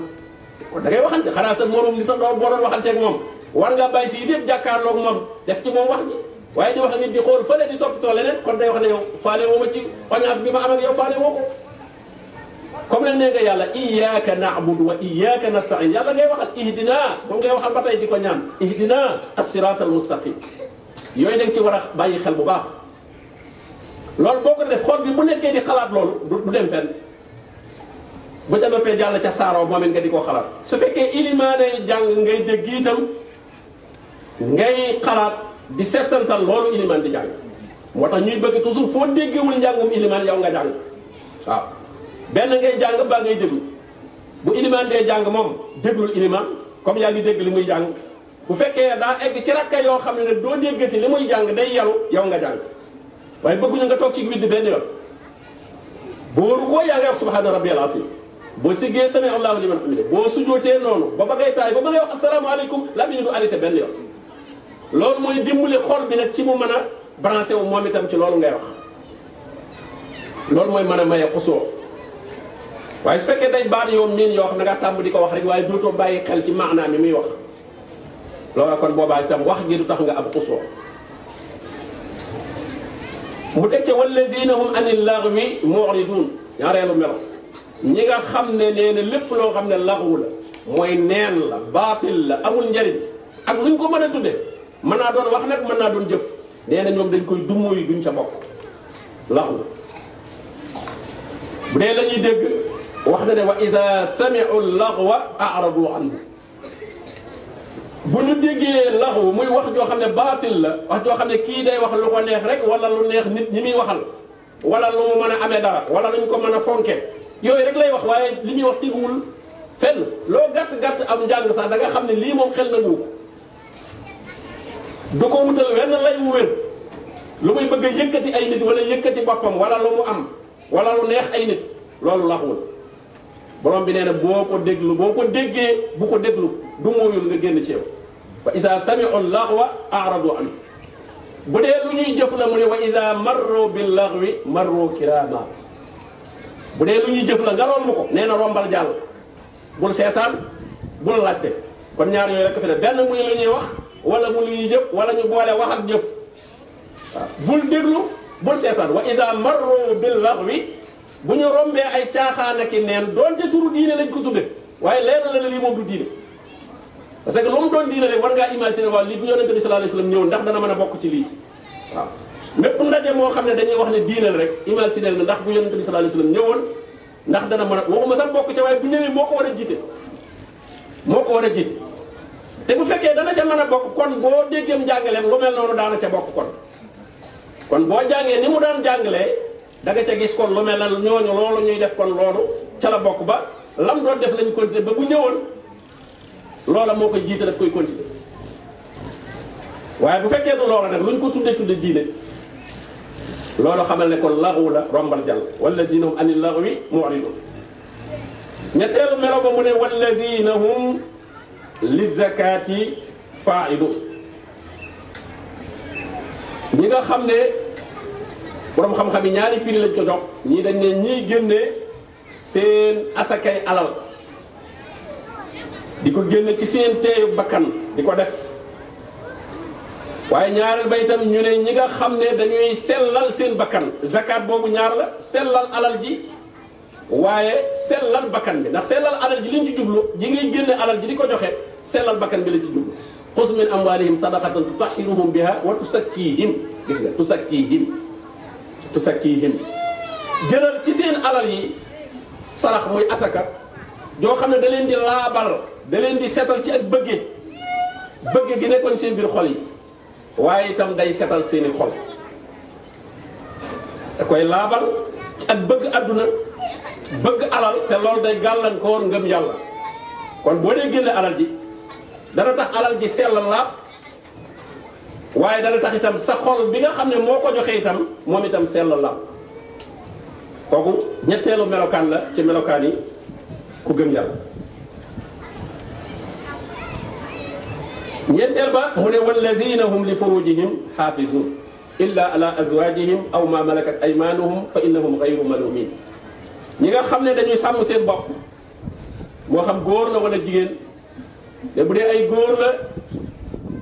da ngay waxante xanaa sa morom li sa doon boo doon waxanteeg moom war ngaa bàyyi si yëpp jàkkaarloog moom def ci moom wax ji waaye di wax nit di xool fële di toppatoo leneen kon day wax ne yow faale woo ma ci xañaas bi ma am ak yow faale woo ko comme ne nee nga yàlla iyyaka na'budu wa iyyaka nasta'in yàlla ngay waxal ihdina moom ngay waxal ba tey di ko ñaan ihdina as-siraatal mustaqim yooyu da ci war a bàyyi xel bu baax loolu boo ko def xool bi bu nekkee di xalaat loolu du dem fen ba ca noppee jàll ca saaroo moom it nga di ko xalaat su fekkee ilimaanay jàng ngay dégg itam ngay xalaat di settantal loolu ilimaan di jàng moo tax ñuy bëgg toujours foo déggewul njàngum ilimaan yow nga jàng waaw benn ngay jàng ba ngay déglu bu ilimaan dee moom déglul ilimaan comme yaa ngi dégg li muy jàng bu fekkee daa egg ci rakka yoo xam ne doo déggati li muy jàng day yaru yow nga jàng waaye bëgguñu nga toog ci widd benn yoon boo rukkoo yaa ngay wax subhaana rabbiyal asiim boo siggee sami allahu liman hamida boo sujootee noonu ba ba ngay taay ba ba ngay wax asalaamaaleykum la ñu du arrêté benn yoon loolu mooy dimbali xol bi nag ci mu mën a wu moom itam ci loolu ngay wax loolu mooy mën a maye xusoo waaye su fekkee day baat yow miin yoo xam ne nga tàmm di ko wax rek waaye dootoo bàyyi xel ci maanaam mi muy wax loola kon boobaa itam wax gi du tax nga am xusoo mu teg ca walladina hum anil lagwi muridun ñaareelu melo ñi nga xam ne nee na lépp loo xam ne laxwu la mooy neen la baatil la amul njariñ ak luñ ko mën a tudde mën naa doon wax nag mën naa doon jëf nee na ñoom dañ koy dumóoyu duñ ca bokk laxwu bu dee la ñuy dégg wax na ne wa ida samiu lagwa aradu anhu bu ñu déggee laxu muy wax joo xam ne baatil la wax joo xam ne kii day wax lu ko neex rek wala lu neex nit ñi muy waxal wala lu mu mën a amee dara wala lu ñu ko mën a fonke yooyu rek lay wax waaye li ñuy wax teguwul fenn loo gàtt gàtt am njàng sax da nga xam ne lii moom xel na ko du ko wutal wenn lay wu wér lu muy bëgg a yëkkati ay nit wala yëkkati boppam wala lu mu am wala lu neex ay nit loolu laxul borom bi nee na boo ko déglu boo ko déggee bu ko déglu du mooyul nga wa isa sami'u laghwa a'radu anhu bu dee lu ñuy jëf la mu ne wa isa marru bil laghwi marru kirama bu dee lu ñuy jëf la nga romb ko nee na rombal jàll bul seetaan bul laajte kon ñaar yooyu rek fi ne benn muy lu ñuy wax wala mu lu ñuy jëf wala ñu boole wax ak jëf waaw bul déglu bul seetaan wa isa marru bil laghwi bu ñu rombee ay caaxaan ki i neen doonte turu diine lañ ko tudde waaye leer na la lii moom du diine parce que lu mu doon diine rek war ngaa imaginer waaw lii bu yonente bi sallallahu alayhi wasallam ñëw ndax dana mën a bokk ci lii waaw mépp ndaje moo xam ne dañuy wax ne diinal rek imaginer na ndax bu yonente bi sallallahu alayhi ndax dana mën a waxuma sax bokk ca waaye bu ñëwee moo ko war a jiite moo ko war a jiite te bu fekkee dana ca mën a bokk kon boo déggeem jàngaleem lu mel noonu daana ca bokk kon kon boo jàngee ni mu daan jàngalee danga ca gis kon lu mel ne ñooñu loolu ñuy def kon loolu ca la bokk ba lam doon def lañ continuer ba bu ñëwoon loola moo koy jiita daf koy continuer waaye bu fekkee ne loola nag luñ ko tuddee tudde diine loolu xamal ne ko laxu la rombal jàll wallazina hum ani laxwi mu'ridun ñetteelu melo ba mu ne wallazina hum li zakaati faa'ilun ñi nga xam ne borom xam-xam yi ñaari prix lañ ko jox ñii dañ ne ñii génne seen asakay alal di ko génne ci seen teeyu bakkan di ko def waaye ñaareel ba itam ñu ne ñi nga xam ne dañuy sellal seen bakkan zakat boobu ñaar la sellal alal ji waaye sellal bakkan bi ndax sellal alal ji liñ ci jublu ji ngay génne alal ji di ko joxe sellal bakkan bi la ci jublu xus min amwalihim sadaqatan tutahhiruhum biha wa tusakkihim gis nga tusakkihim tusakkihim jëlal ci seen alal yi sarax muy asaka yoo xam ne daleen leen di da di setal ci ak bëgge bëgg gi nekkoon seen biir xol yi waaye itam day setal seeni xol da koy laabal ci ak bëgg àdduna bëgg alal te loolu day gàllankoor ngëm yàlla kon boo dee génne alal ji dana tax alal ji sell laab waaye dana tax itam sa xol bi nga xam ne moo ko joxee itam moom itam sell laab kooku ñetteelu melokaan la ci melokaan yi ku gëm yàlla ñeenteel ba mu ne walladina hum li furujihim xaafizuun illa ala azwajihim aw ma malakat aymanuhum fa innahum gayru malumin ñi nga xam ne dañuy sàmm seen bopp moo xam góor la wala jigéen te bu dee ay góor la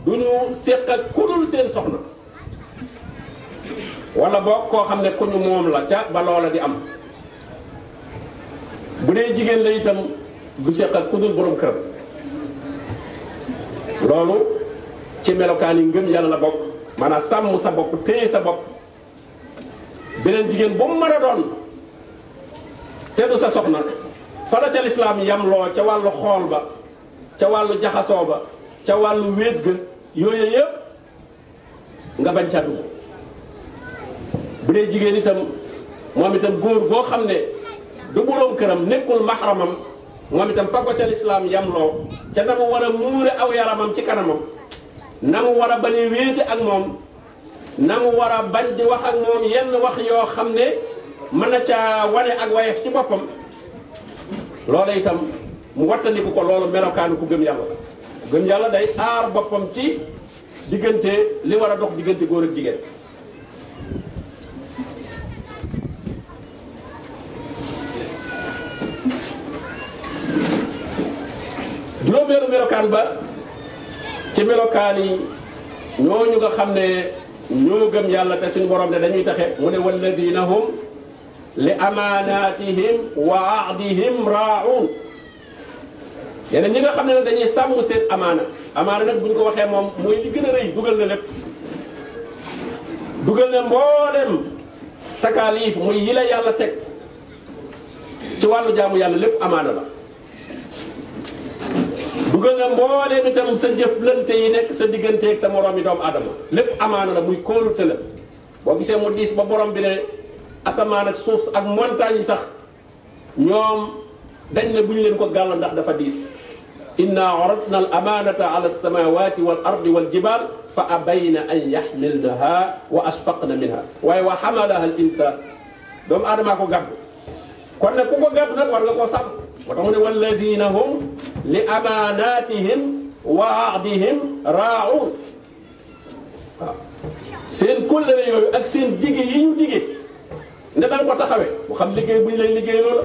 du ñu séq ak ku seen soxna wala boog koo xam ne ku ñu moom la ca ba loola di am bu dee jigéen la itam du seq ak ku dul borom këram loolu ci melokaan yi ngëm yàlla la bokk maanaam sàmm sa bokk téye sa bopp beneen jigéen bu mu mën a doon te du sa soxna fa la ca lislaam yamloo ca wàllu xool ba ca wàllu jaxasoo ba ca wàllu wéet ga yooyu yëpp nga bañ ca dugg bu dee jigéen tam moom itam góor goo xam ne du boroom këram nekkul maxaramam moom itam fa ko ca lislaam yamloo ca na mu war a muure aw yaramam ci kanamam na war a bañ a wéete ak moom na mu war a bañ di wax ak moom yenn wax yoo xam ne mën na ca wane ak wayef ci boppam loola itam mu wattandiku ko loolu melokaanu ku gëm yàlla la gëm yàlla day aar boppam ci diggante li war a dox diggante góor ak jigéen juróomeelu melokaan ba ci melokaan yi ñu nga xam ne ñoo gëm yàlla te suñu borom de dañuy taxe mu ne walladina hum li amaanaatihim wa ahdihim yeneen ñi nga xam ne nag dañuy sàmm seen amaana amaana nag bu ñu ko waxee moom mooy li gën a rëy dugal na lépp dugal na mboolem takaalif muy yi la yàlla teg ci wàllu jaamu yàlla lépp amaana la bëgg nga mbooleem itam sa jëflante yi nekk sa digganteeg sa moroom yi doomu adama lépp amaana la muy kóolute la boo gisee mu diis ba borom bi ne asamaan ak suuf ak montagne yi sax ñoom dañ ne bu ñu leen ko gàll ndax dafa diis inna aradna al amanata ala alsamawati wal ardi wal jibal fa abayna an yaxmilnaha wa ashfaqna minha waaye wa xamalaha al insan doomu aadamaa ko gàddu kon nag ku ko gàddu nag war nga koo sàmm moo tax mu ne wallazina hum li amaanaatihim wa ahdihim seen kóllëre yooyu ak seen jigéen yi ñu digge ne danga ko taxawee mu xam liggéey bu ñu lay liggéey loola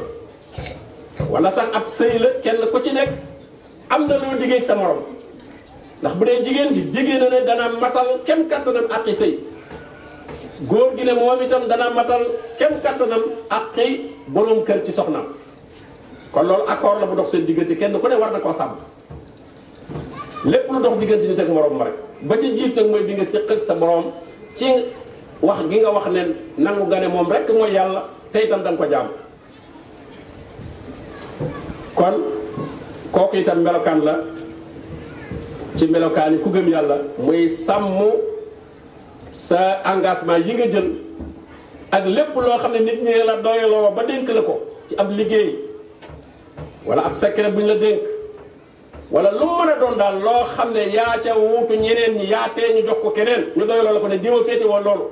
wala sax ab sëy la kenn ku ci nekk am na loo diggee sa morom ndax bu dee jigéen ji digge na ne dana matal kem kattanam àqi sëy góor gi ne moom itam dana matal kem kattanam àqi boroom kër ci soxnaam kon loolu accord la bu dox seen diggante kenn ku ne war na koo sàmm lépp lu dox diggante nit ak moroom ma rek ba ci jiit nag mooy bi nga séq ak sa borom ci wax gi nga wax ne nangu nga moom rek mooy yàlla tey itam da ko jàmm kon kooku itam melokaan la ci melokaan yi ku gëm yàlla muy sàmm sa engagement yi nga jël ak lépp loo xam ne nit ñi la doyaloo ba dénk la ko ci ab liggéey wala ab secret bu ñu la dénk wala lu mu mën a doon daal loo xam ne yaa ca wuutu ñeneen ñi yaa tee ñu jox ko keneen ñu doy loolu ko ne diwa féete woon loolu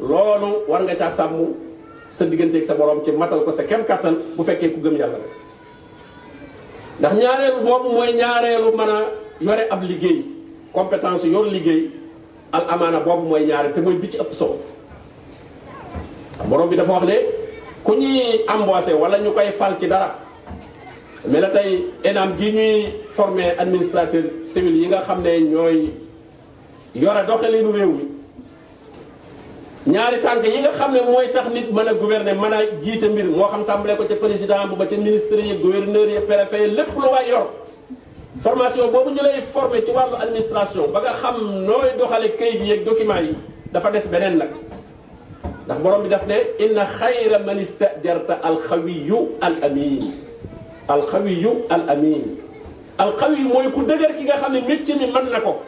loolu war nga caa sàmm sa digganteek sa borom ci matal ko sa kem kàttan bu fekkee ku gëm yàlla la ndax ñaareelu boobu mooy ñaareelu mën a yore ab liggéey compétence yor liggéey al amaana boobu mooy ñaare te mooy bi ci ëpp solo borom bi dafa wax ne ku ñuy embauché wala ñu koy fal ci dara mais la tey ENAM gi ñuy former administrateur civil yi nga xam ne ñooy a yore leenu réew mi ñaari tànk yi nga xam ne mooy tax nit mën a gouverner mën a jiite mbir moo xam tàmbale ko ca président bu ba ca ministre yi gouverneur yi préfet yi lépp la waay yor formation boobu ñu lay former ci wàllu administration ba nga xam nooy doxale kayit yi ak document yi dafa des beneen nag ndax borom bi daf ne inna xayra man istajarta alxawiyu al amin alxawiyu al amin alxawiyu mooy ku dëgër ki nga xam ne métier mi mën na ko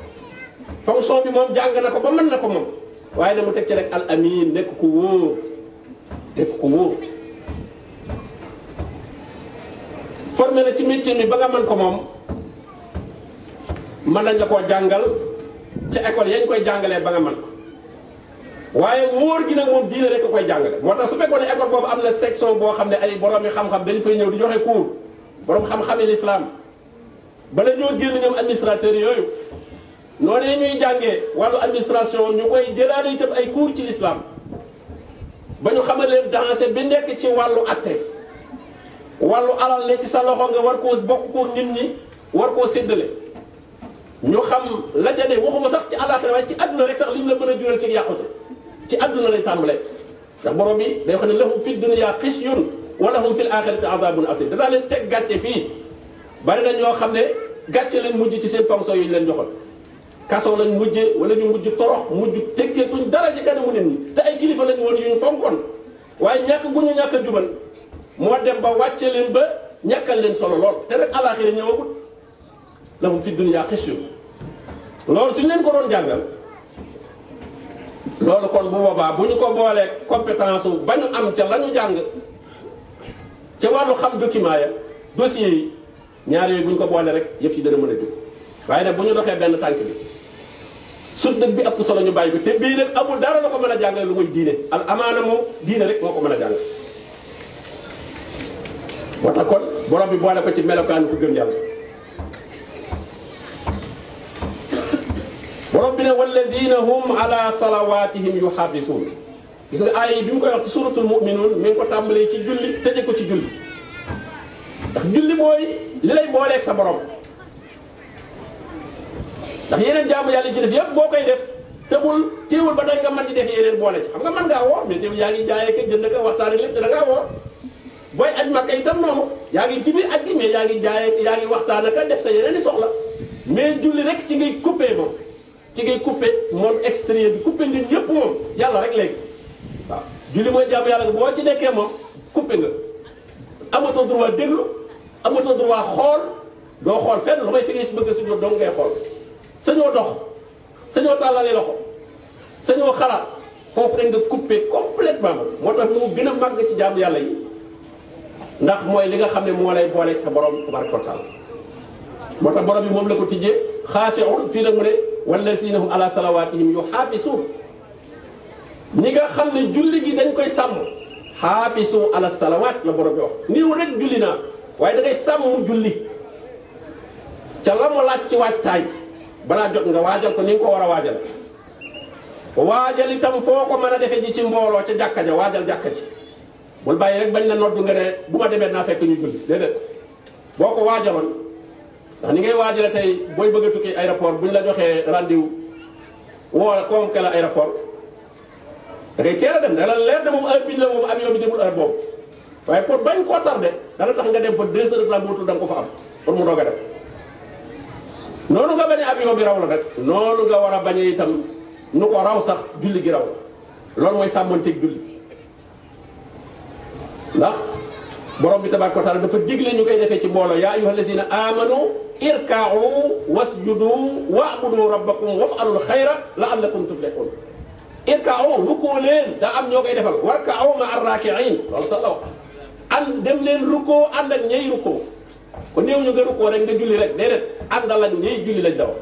fonction bi moom jàng na ko ba mën na ko moom waaye nag mu teg ci rek al amin nekk ku wóor nekk ku wóor formé na ci métier mi ba nga mën ko moom mën nañ la koo jàngal ca école yañ koy jàngalee ba nga man ko waaye wóor gi nag moom diine rek a koy jàngale moo tax su fekkoon ne boo boobu am na section boo xam ne ay borom yi xam-xam dañ fay ñëw di joxe cours borom xam-xami lislaam bala ñoo génn ñoom administrateur yooyu noonee ñuy jànge wàllu administration ñu koy jëlaale itam ay cours ci lislaam ba ñu xamal leen danger bi nekk ci wàllu atte wàllu alal ne ci sa loxo nga war koo bokk koo nit ñi war koo séddale ñu xam la ca ne waxuma sax ci àllaaxira waaye ci àdduna rek sax liñ la mën a jural ci yàqute ci àdduna lay tàmbalee ndax borom bi day wax ne lahum fi dunya xisyun wala hum fil axirati azabun asim danaa leen teg gàcce fii bari na ñoo xam ne gàcce leen mujj ci seen fonction yi ñu leen joxoon kaso lañ mujje wala ñu mujj torox mujj tuñ dara ci kanamu nit ñi te ay kilifa lañ woon yu ñu fonkoon waaye ñàkk gu ñu ñàkk a jubal moo dem ba wàcce leen ba ñàkkal leen solo lool te rek alaaxira ñëwagul lahum fi dunya xisyu loolu suñ leen ko doon jàngal loolu kon bu boobaa bu ñu ko boolee compétence wu ba ñu am ca la ñu jàng ca wàllu xam document ya dossier yi ñaar yooyu bu ñu ko boole rek yëf yi dana mën a jóg waaye nag bu ñu doxee benn tànk bi sunna bi ëpp solo ñu bàyyi bi te bii nag amul dara la ko mën a jàngale lu muy diine al amaana moom diine rek moo ko mën a jàngale. moo tax kon borom bi boole ko ci melokaanu ku gëm yàlla borom bi ne wallazina hum ala salawatihim yuhafisuun gis nga aay bi mu koy wax ci suratul mu'minuun mi ngi ko tàmbalee ci julli tëje ko ci julli ndax julli mooy li lay booleeg sa borom ndax yeneen jaamu yàlla yi ci def yëpp boo koy def tebul téewul ba tey nga mën di def yeneen boole ci xam nga mën ngaa woor mais téewul yaa ngi jaayee ko jënd ko waxtaan ak lépp te da ngaa woor booy aj makka itam noonu yaa ngi ci ak aj gi mais yaa ngi jaayee yaa ngi waxtaan ak def sa yeneen ni soxla mais julli rek ci ngay coupé moom ci ngay coupé bi coupé nit ñëpp moom yàlla léegi waaw julli mooy jaamu yàlla boo ci nekkee moom coupé nga amatoo droit déglu amatoo droit xool doo xool fenn lu may fi ngay si bëgg a sujjóot dong ngay xool sañoo dox sañoo tàllalee loxo sañoo xalaat foofu rek nga coupé complètement moo tax mu gën a màgg ci jaamu yàlla yi ndax mooy li nga xam ne moo lay booleeg sa borom tabaraka wa taala moo tax borom bi moom la ko tijjee xaasiun fii la mu ne wallazina hum ala salawatihim yuxaafisuun ñi nga xam ne julli gi dañ koy sàmm xaafisu ala salawaat la borom bi wax niiw rek julli naa waaye da ngay sàmm julli ca la mu laaj ci waajtaay balaa jot nga waajal ko ni nga ko war a waajal waajal itam foo ko mën a defe ji ci mbooloo ca jàkka ja waajal jàkka ji bul bàyyi rek bañ na noddu nga ne bu ma demee naa fekk ñu julli déedéet boo ko waajaloon ndax ni ngay waajale tey booy bëgg a tukki bu buñ la joxee rendez-vous woo convoqué la aéroport da ngay dem da leer ne moom heure bi ñu la moom avion bi demul heure boobu waaye pour bañ koo tardé dana tax nga dem fa 2 heures de temps ko fa am pour mu doog a nga bañ a bi raw la nag noonu nga war a bañ itam nu ko raw sax julli gi raw loolu mooy sàmmanteeg julli ndax borom bi tabaaraka wa taala dafa digle ñu koy defee ci mbooloo yaa ayyuha allazina amanu irka'u wasjudu wa'budu rabbakum waf'alul xayra la'allakum tuflihun irka'u rukkoo leen daa am ñoo koy defal warka'u ma arraki'in loolu sax sa wax an dem leen rukkoo ànd ak ñay rukkoo ko néew ñu nga rukkoo rek nga julli rek déedéet àndal ak ñay julli lañ daw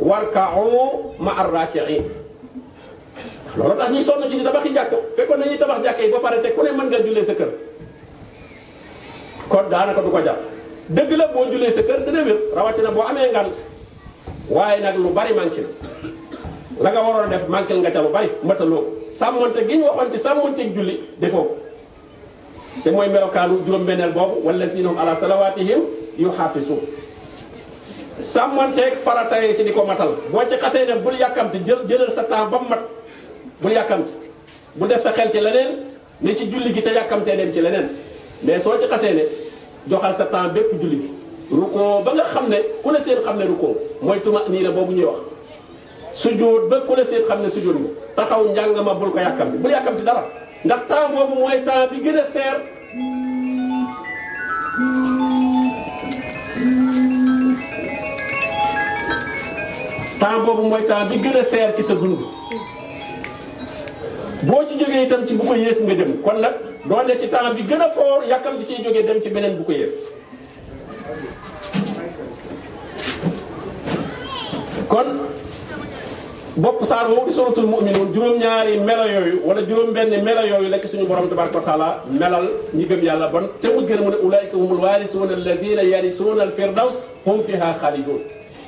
warka'u ma arraki'in loolu tax ñuy sonn ci di tabax yi jàkk fekkoon nañuy tabax jàkk yi ba pare te ku ne mën nga jullee sa kër daanaka du ko jàpp dëgg la boo jullee sa kër dina wér rawatina boo amee ngant waaye nag lu bari manqué na la nga waroon a def manquel nga ca lu bari mataloo ko sàmmante gi ñu waxoon ci sàmmanteeg julli defoo ko te mooy melokaanu juróom-benneel boobu wala si ñoom ala salawaatihim yu xaafisu sàmmanteeg farata yi ci di ko matal boo ci xasee ne bul yàkkamti jël jëlal sa temps ba mu mat bul yàkkamti bu def sa xel ci leneen ne ci julli gi te yàkkamtee dem ci leneen mais soo ci xasee ne joxal sa temps bépp julli gi rukkoo ba nga xam ne ku ne seen xam ne rukkoo mooy tuma nii boobu ñuy wax sujjóot ba ku la seet xam ne sujjóot nga taxaw njàng ma bul ko yàkkamti bul yàkkamti dara ndax temps boobu mooy temps bi gën a seer temps boobu mooy temps bi gën a seer ci sa dund boo ci jógee itam ci bu ko yées nga jëm kon nag doo ne ci temps bi gën a foor yàkkamti ciy jógee dem ci beneen bu ko yées kon bopp saar woowu di suratul mu'minuun juróom-ñaari melo yooyu wala juróom-benn melo yooyu lekk suñu borom tabaaraka wa taala melal ñi yàlla bon te mu gën a mu ne ulaa'ika humul waarisuuna allaziina al firdaws hum fiha xaaliduun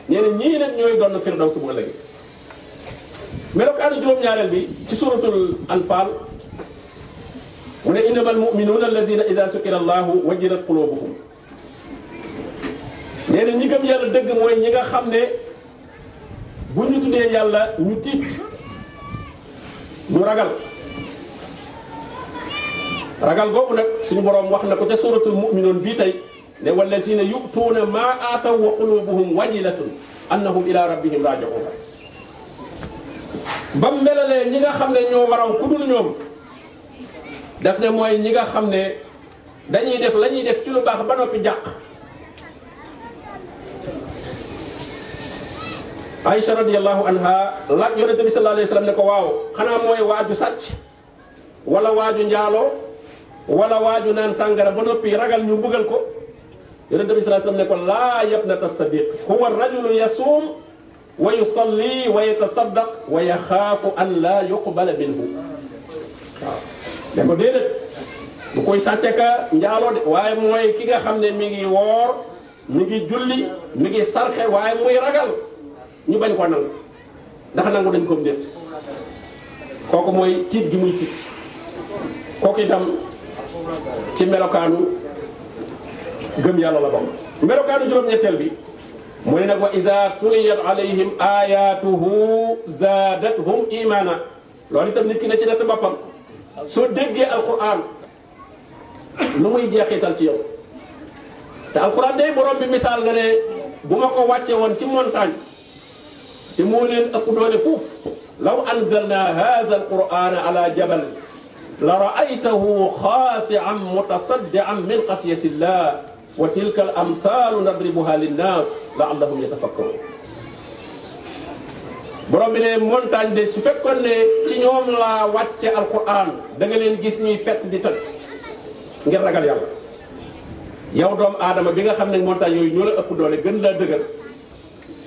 nee na ñii nag ñooy doon firdaws bu ëllëg melokaanu juróom-ñaareel bi ci suratul anfaal mu ne innamal mu'minuuna allaziina idaa zukira allaahu wajilat na ñi yàlla dëgg mooy ñi nga xam ne. bu ñu tuddee yàlla ñu tiit ñu ragal ragal googu nag suñu boroom wax na ko ca suratul mu'minuun bii tey ne wallazina yu'tuuna maa aataw wa qulubuhum wajilatun annahum ila rabbihim raaji'uun ba mu melalee ñi nga xam ne ñoo waraw ku dul ñoom daf ne mooy ñi nga xam ne dañuy def lañuy def ci lu baax ba noppi jàq Aïcha radiyallahu anha laaj yonente bi sallallahu alayhi wasallam ne ko waaw xanaa mooy waaju sàcc wala waaju njaaloo wala waaju naan sàngara ba noppi ragal ñu mbugal ko yonente bi sallallahu alayhi wasallam ne ko laa yabnata sadiq huwa rajulu yasuum wa yusalli wa yatasaddaq wa yaxaafu an laa yuqbala minhu waaw ne ko déedéet bu koy sàcce ka njaaloo de waaye mooy ki nga xam ne mi ngi woor mi ngi julli mi ngi sarxe waaye muy ragal ñu bañ koo nangu ndax nangu dañ ko mbir kooku mooy tiit gi muy tiit kooku itam ci melokaanu gëm yàlla la bokk melokaanu juróom-ñetteel bi mu ne nag wa iza tuliyat alayhim ayatuhu zaadathum imana loolu itam nit ki ne ci natt boppam soo déggee alquran lu muy jeexital ci yow te alquran day borom bi misaal la ne bu ma ko wàcce woon ci montagne te moo leen ëpp doole foofu law anzalna hadha alqur'ana ala jabal la ra'aytahu xaasi'an mutasaddi'an min xasiyati llah wa tilka al amthaalu nadribuha linnaas la'allahum yatafakkarun borom bi ne montagne de su fekkoon ne ci ñoom laa wàcce alquran leen gis ñuy fett di toj ngir ragal yàlla yow doomu aadama bi nga xam ne montagne yooyu ñoo la ëpp doole gën laa dëgër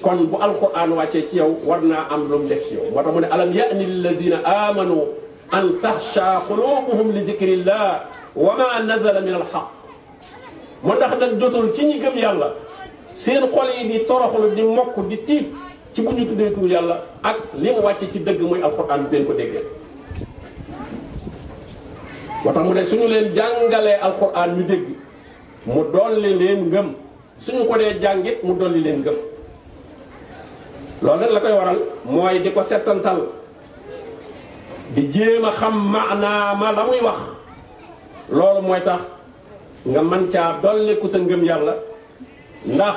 kon bu alquran wàccee ci yow war naa am lu mu def ci yow moo mu ne alam ya'ni lillazina amanu an taxsha qulubuhum li zikrillah wa ma nazala min alxaq mu ndax nag jotul ci ñi gëm yàlla seen xol yi di toroxlu di mokk di tiit ci bu ñu tuddee tuur yàlla ak li mu wàcce ci dëgg mooy alquran bu leen ko déggee moo mu ne suñu leen jàngalee alquran ñu dégg mu dolli leen ngëm suñu ko dee jàngit mu dolli leen ngëm lool nag la koy waral mooy di ko settantal di jéem a xam maanaa ma la muy wax loolu mooy tax nga man caa dolliku sa ngëm yàlla ndax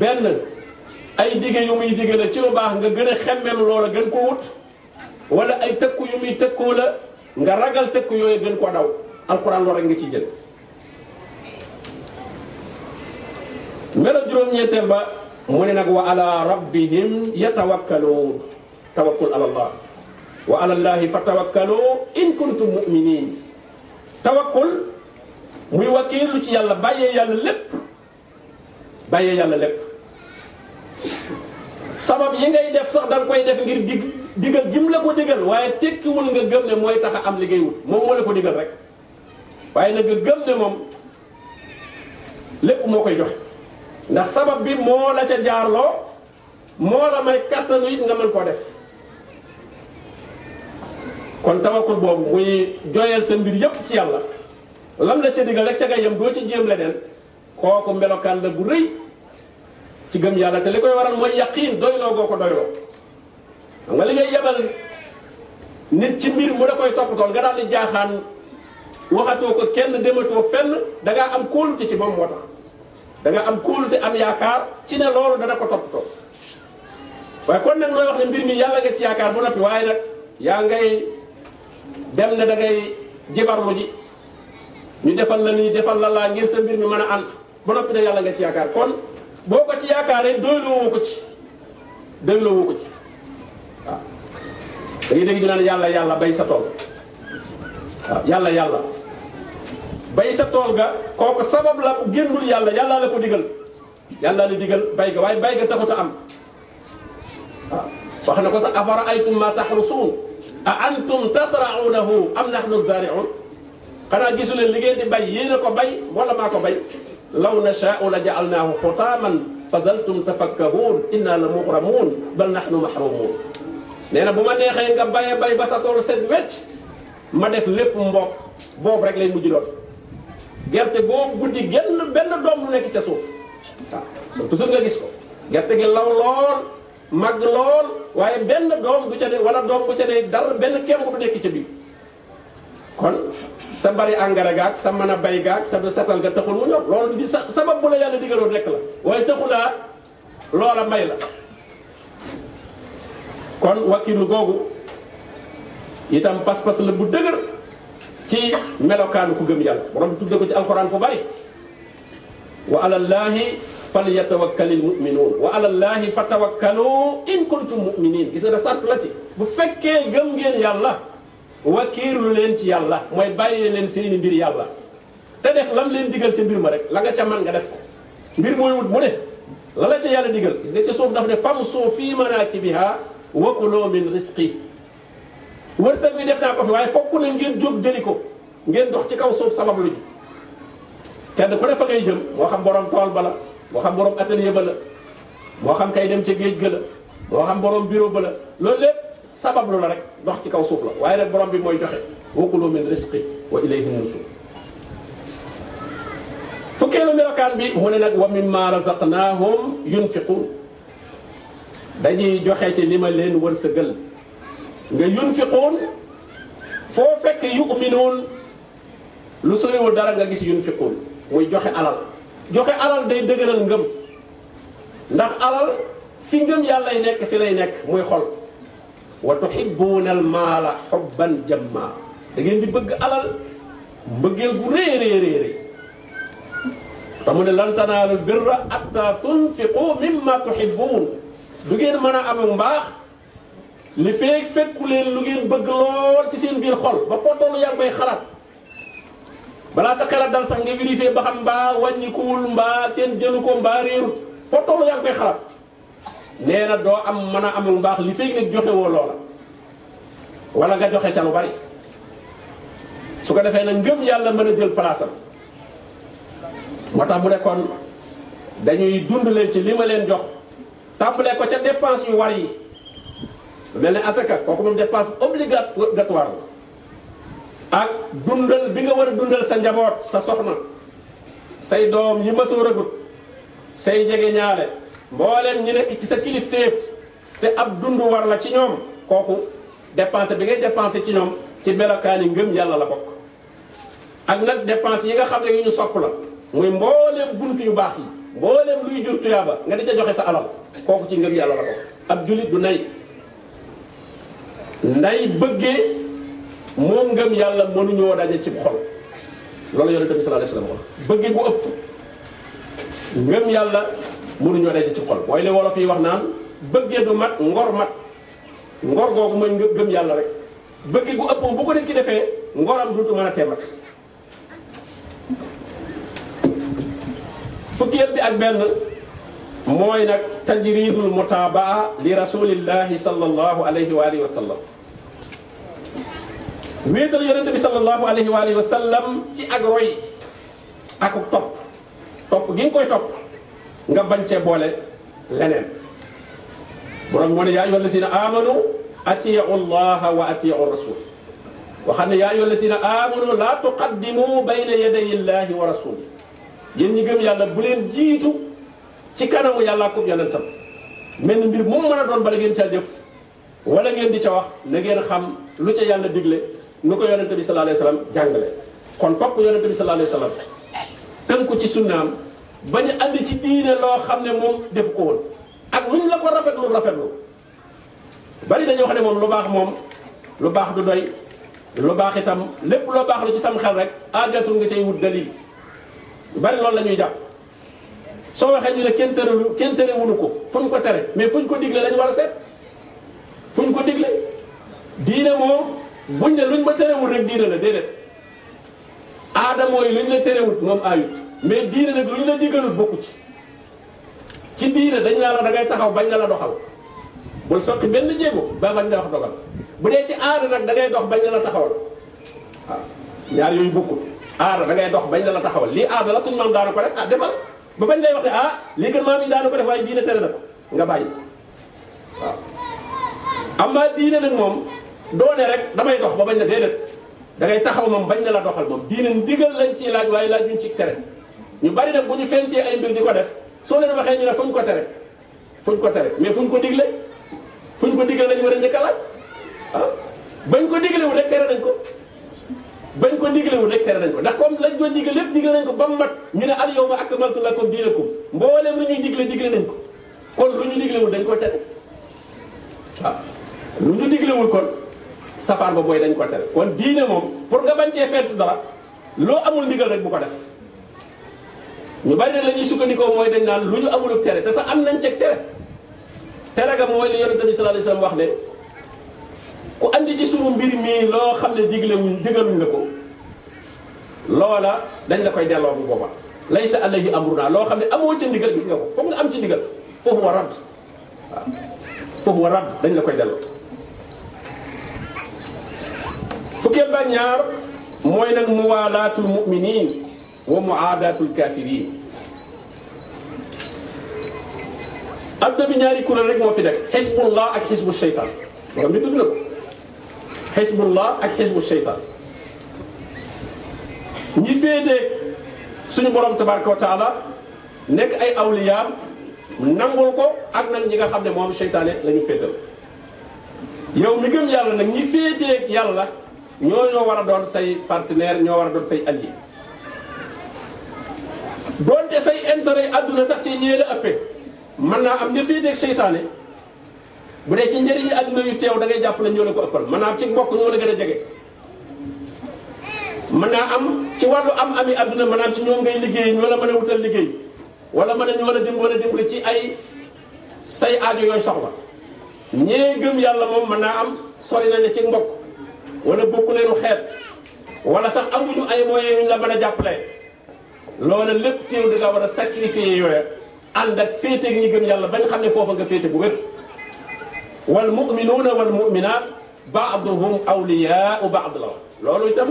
benn ay dige yu muy dige la ci lu baax nga gën a xemmem loola gën ko wut wala ay tëkku yu muy tëkku la nga ragal tëkku yooyu gën ko daw alxuraan loolu rek nga ci jël melo juróom-ñeenteel ba mu ne nag wa ala rabbihim yatawakkaluun tawakkul ala allah wa ala allahi fa tawakkalu in kuntum muminin tawakkul muy wakiilu ci yàlla bàyyee yàlla lépp bàyyee yàlla lépp sabab yi ngay def sax da koy def ngir dig digal jim la ko digal waaye tekkiwul nga gëm ne mooy tax am liggéey moom moo la ko digal rek waaye nag nga gëm ne moom lépp moo koy joxe ndax sabab bi moo la ca jaarloo moo la may kattanu it nga mën koo def kon tawakkul boobu muy jooyal sa mbir yépp ci yàlla lam la ca digal rek ca nga yem doo ci jéem leneen kooku melokaan la bu rëy ci gëm yàlla te li koy waral mooy yaqiin doyloo goo ko doyloo xam nga li ngay yebal nit ci mbir mu la koy toppatoon nga daal di jaaxaan waxatoo ko kenn dematoo fenn da am kóolute ci moom moo tax da am am kóolute am yaakaar ci ne loolu dana ko toppatoo waaye kon nag nooy wax ne mbir mi yàlla nga ci yaakaar bu noppi waaye nag yaa ngay dem ne da ngay jibarlu ji ñu defal la nii defal la laa ngir sa mbir mi mën a ànd ba noppi ne yàlla nga ci yaakaar kon boo ko ci yaakaaree doyloo ko ci doyloo ko ci waaw da ngay dégg ñu naan yàlla yàlla bay sa tool waaw yàlla yàlla bay sa tool ga kooku sabab la génnul yàlla yàllaa la ko digal yàllaa la bay ga waaye bay ga taxut a am waaw na ko sax afara aytum ma taxrusuun a antum tasraunahu am nahnu zariun xanaa gisu leen li ngeen di bay yéen ko bay wala maa ko bay law nashaau la jaalnaahu xutaaman fa daltum inna la muxramuun bal nahnu mahrumun nee bu ma neexee nga baye bay ba sa tool set wecc ma def lépp mbokk boobu rek lay gerte boo guddi genn benn doom lu nekk ca suuf waaw toujours nga gis ko gerte gi law lool màgg lool waaye benn doom du ca ne wala doom bu ca ne dara benn kemb du nekk ca biir kon sa bari engrais gaag sa mën a bay gaag sa setal ga taxul mu ñor loolu di sa sabab bu la yàlla digaloon rek la waaye taxulaa loola may la kon wakkilu googu itam pas-pas la bu dëgër ci melokaanu ku gëm yàlla borom bi tudde ko ci alxuraan fu bari wa alallaahi falyatawakkalil muminuun wa alallaahi fatawakkalu in kuntum muminin gis nga sart la ci bu fekkee gëm ngeen yàlla wakiirlu leen ci yàlla mooy bàyyi leen si mbir yàlla te def lam leen digal ci mbir ma rek la nga ca man nga def bir mbir mooy wut mu ne la la ca yàlla digal gis nga ca suuf daf ne famsu fi manakibiha wa kulu min risqi wërsëg bi def naa ko fi waaye fokk na ngeen jóg jëli ko ngeen dox ci kaw suuf sabab lu ji kenn ku ne fa jëm moo xam borom tool ba moo xam borom atelier ba moo xam kay dem ci géej ga la moo xam borom bureau ba la loolu lépp sabab lu la rek ndox ci kaw suuf la waaye nag borom bi mooy joxe wa kulu min rizqi wa ilayhi nushur fukkeelu melokaan bi mu ne nag wa mimma razaqnahum yunfiqun dañuy joxe ci li ma leen wërsëgal nga yunfiquun foo fekk yu'minuun lu soriwul dara nga gis yunfiquun muy joxe alal joxe alal day dëgëral ngëm ndax alal fi ngëm yàllay nekk fi lay nekk muy xol wa tuhibbuuna al maala xubban jamma da ngeen di bëgg alal mbëggeel bu rëy rëy rëy mu ne lan tanaalul birra hatta tunfiqu mimma tuhibbuun du ngeen mën a am mbaax li feeg fekku leen lu ngeen bëgg lool ci seen biir xol ba foo tollu yaa ngi xalaat balaa sa xelaat dal sax nga vérifier ba xam mbaa wàññikuwul mbaa kenn jëlu ko mbaa réerut foo tollu yaa ngi koy doo am mën a amul mbaax li feeg nga joxe loola wala nga joxe ca lu bari su ko defee nag ngëm yàlla mën a jël place moo tax mu nekkoon dañuy dund leen ci li ma leen jox tàmbalee ko ca dépense yu war yi lu mel ne asaka kooku moom dépense obligatoire la ak dundal bi nga war a dundal sa njaboot sa soxna say doom yi ma sóoragut say jege ñaale mbooleem ñu nekk ci sa kilifteef te ab dund war la ci ñoom kooku dépense bi ngay dépensé ci ñoom ci melokaani ngëm yàlla la bokk ak nag dépense yi nga xam ne yu ñu sopp la muy mbooleem bunt yu baax yi mbooleem luy jur tuyaaba nga di joxe sa alal kooku ci ngëm yàlla la bokk ab julit du nay nday bëggee moom ngëm yàlla mënuñoo daje cib xol loolu yonent bi sallallahu alayhi wasallam wax bëggee bu ëpp ngëm yàlla mënuñoo daje ci xol mooy li wolof yi wax naan bëggee du mat ngor mat ngor googu mooy ngëm yàlla rek bëggee gu ëpp bu ko nit ki defee ngoram duutu mën a tee mat fukki yëpp bi ak benn mooy nag tajridul mutaabaa li rasulillahi sallallahu alayhi wa alihi wa sallam wéetal yonente bi sallallahu ci ak roy ak topp topp nga koy topp cee boole leneen borom moo ya yaa ayyuha allazina amanu atiiu wa atiiu rasul waxam ne yaa ayyuha allazina amanu laa tuqaddimu bayna yadayi llahi wa rasuli yéen ñi gëm jiitu ci kanamu yàlla ak yonentam mel mbir mu mën a doon bala ngeen caa def wala ngeen di ca wax na ngeen xam lu ca yàlla digle nu ko yonente bi sallallahu alayhi wasallam jàngale kon topp yonente bi sallallahu alayhi wasallam tënku ci sunnaam bañ a andi ci diine loo xam ne moom def ko woon ak luñ la ko rafetlu rafetlu bari dañoo xam ne moom lu baax moom lu baax du doy lu baax itam lépp loo baax lu ci sam xel rek aajatul nga cay wut dalil bari loolu la ñuy jàpp soo waxee ñu kenn tëralu kenn tërewuñu ko fu ñu ko tere mais fu ñu ko digle lañu war a seet fu ñu ko digle diine moom buñ ne luñ ma terewul rek diine la déedéet aada mooy luñ la terewul moom ayut mais diine nag di la digalul bokku ci ci diine dañ naa la da ngay taxaw bañ na la doxal bul sotti benn jéego ba bañ la wax bu dee ci aada nag da ngay dox bañ na la taxawal waaw ñaar yooyu bokkul aada da ngay dox bañ na la taxawal lii aada la suñu maam daanu ko rek ah, ba bañ lay wax ne ah lii kat maam yi daana ko def waaye diine tere na ko nga bàyyi waaw am naa diine nag moom doone rek damay dox ba bañ la déedéet da ngay taxaw moom bañ na la doxal moom diine ndigal lañ ciy laaj waaye laaj ñu ci tere ñu bari nag bu ñu fentee ay mbir di ko def soo leen waxee ñu ne fuñ ko tere fuñ ko tere mais ñu ko digle fuñ ko digle lañ war a njëkk a laaj ah bañ ko digle wu rek tere nañ ko bañ ko diglewul rek tere nañ ko ndax comme lañ ko digle lépp digle nañ ko ba mu mat ñu ne al yawma akmaltu lakum diinakum mboolem lu ñuy digle digle nañ ko kon lu ñu diglewul dañ ko tere waaw lu ñu diglewul kon safaan ba booy dañ ko tere kon diine moom pour nga bañ cee fent dara loo amul ndigal rek bu ko def ñu bari na ñuy sukkandikoo mooy dañ naan lu ñu amulu tere te sax am nañ ceeg tere tere ga mooy li yonente bi sallallahu wax ne ku andi ci sunu mbir mi loo xam ne diglewuñ digaluñ la ko loola dañ la koy delloo bu booba laysa alayhi amruna loo xam ne amoo ci ndigal gis nga ko foog nga am ci ndigal foofu wa radd waaw foofu wa radd dañ la koy delloo fukkeel ba ñaar mooy nag muwaalaatul mu'minin wa muaadaatul kafirin adduna bi ñaari kuréel rek moo fi def xisbullah ak xisbu shaytaan borom bi tudd na ko xisbullah ak xisbu seytaan ñi féetee suñu borom tabaraka wa taala nekk ay awliyaam nangul ko ak nag ñi nga xam ne moom seytaane la ñu féetal yow mi gëm yàlla nag ñi féetee yàlla ñoo ñoo war a doon say partenaire ñoo war a doon say allié doonte say intérêt adduna sax ci ñee la ëppee mën naa am ña féetee ak bu dee ci njëriñu àdduna yu teew dangay ngay jàpp ne ñoo la ko ëppal mën naa am ci mbokk ñoo la gën a jege mën naa am ci wàllu am ami àdduna mën naa am ci ñoo ngay liggéey ñoo la mën a wutal liggéey wala mën a ñoo la dim wala dimbali ci ay say aajo yooyu soxla ñee gëm yàlla moom mën naa am sori nañ ci mbokk wala bokku leenu xeet wala sax amuñu ay moyens yuñ la mën a jàppale loola lépp teew di war a sacrifier yooya ànd ak féete gi ñu gëm yàlla bañ xam ne foofa nga féete bu wér wal muminuuna wal muminaat baaduhum awliyaau baad la loolu itam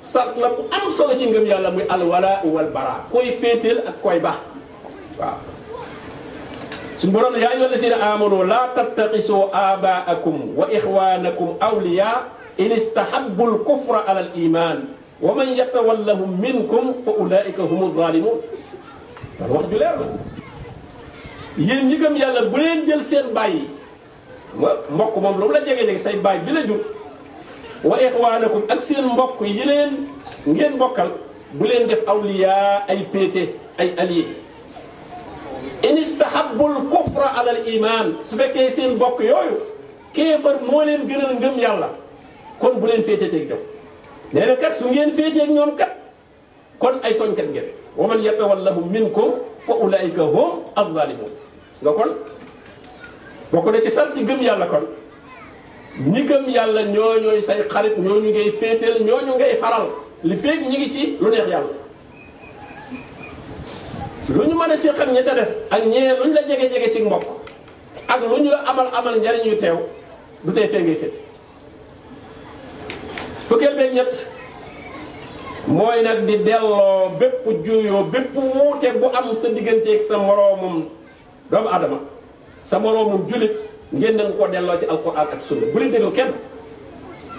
sart la bu am solo ci ngëm yàlla muy alwala wal bara koy féeteel ak koy baax waaw suñu borom yaa ayyuha allazina amanu laa tattaxisu abaakum wa ixwanakum awliyaa in istahabbu lkufra ala aliman wa man yatawallahum minkum fa ulaika humu zalimun wax ju leer la yéen ñi gëm yàlla bu leen jël seen bàyyi mbokk moom lu mu la jege jege say baay bi la jur wa ixwaanakum ak seen mbokk yi leen ngeen bokkal bu leen def awliyaa ay péete ay alliés in istahabbul kufra alal iman su fekkee seen mbokk yooyu kéefar moo leen gënal ngëm yàlla kon bu leen féete teeg dem nee na kat su ngeen féeteeg ñoom kat kon ay tooñkat ngeen wa man yatawallahum minkum fa ulaika hum az-zalimun nga kon bokk na ci sarti gëm yàlla kon ñi gëm yàlla ñoo ñooy say xarit ñooñu ngay féeteel ñooñu ngay faral li feeg ñi ngi ci lu neex yàlla lu ñu mën a séq ak ak ñee lu ñu la jege-jege ci mbokk ak lu ñu la amal amal njariñ yu teew du tey fee ngay féete fukkeel beeg ñett mooy nag di delloo bépp juyoo bépp wuute bu am sa digganteeg sa moroomum doomu aadama sa moroomum jullit ngeen nañ ko delloo ci alquran ak sunna bu leen déglu kenn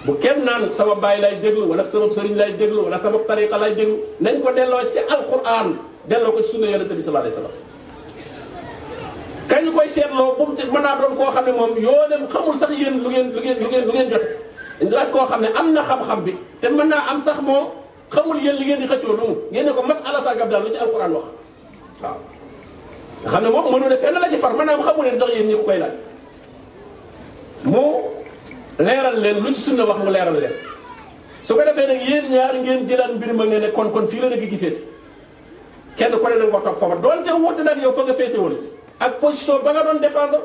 bu kenn naan sama baay lay déglu wala sama sëriñ lay déglu wala sama tariqa lay déglu nañ ko delloo ci alquran delloo ko ci sunna yonente bi sallallahu alayhi wasallam kañ koy seetloo bu mu ci mën naa doon koo xam ne moom yoo dem xamul sax yéen lu ngeen lu ngeen lu ngeen lu ngeen jote laaj koo xam ne am na xam-xam bi te mën naa am sax moom xamul yéen li ngeen di xëccoo lu mu ngeen ne ko masala sa gab lu ci alquran wax waaw xam ne moom mënu ne fenn la ci far maanaam xamu leen sax yéen ñi ko koy laaj mu leeral leen lu ci sunna wax mu leeral leen su ko defee nag yéen ñaar ngeen jëlaat mbir ma ngeen ne kon kon fii la nekk gi féete kenn ku ne da nga ko toog fa ba doonte wuute nag yow fa nga féete woon ak position ba nga doon défendre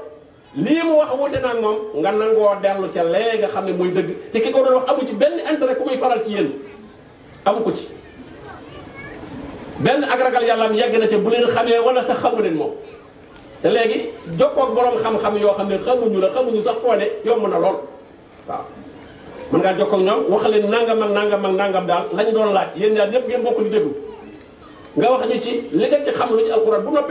lii mu wax wuute nag moom nga nangoo dellu ca lee nga xam ne muy dëgg te ki ko doon wax amu ci benn intérêt ku koy faral ci yéen amu ko ci. benn ak ragal am yegg na ca bu leen xamee wala sax xamu leen moom te léegi jokkoog boroom xam-xam yoo xam ne xamuñu la xamuñu sax foode ne yomb na lool waaw. mën ngaa jokkoog ñoom wax leen nangam ak nangam ak nangam daal lañ doon laaj yéen daal ñëpp ngeen bokk di déglu nga wax ñu ci li nga ci xam lu ci alxuraan bu noppee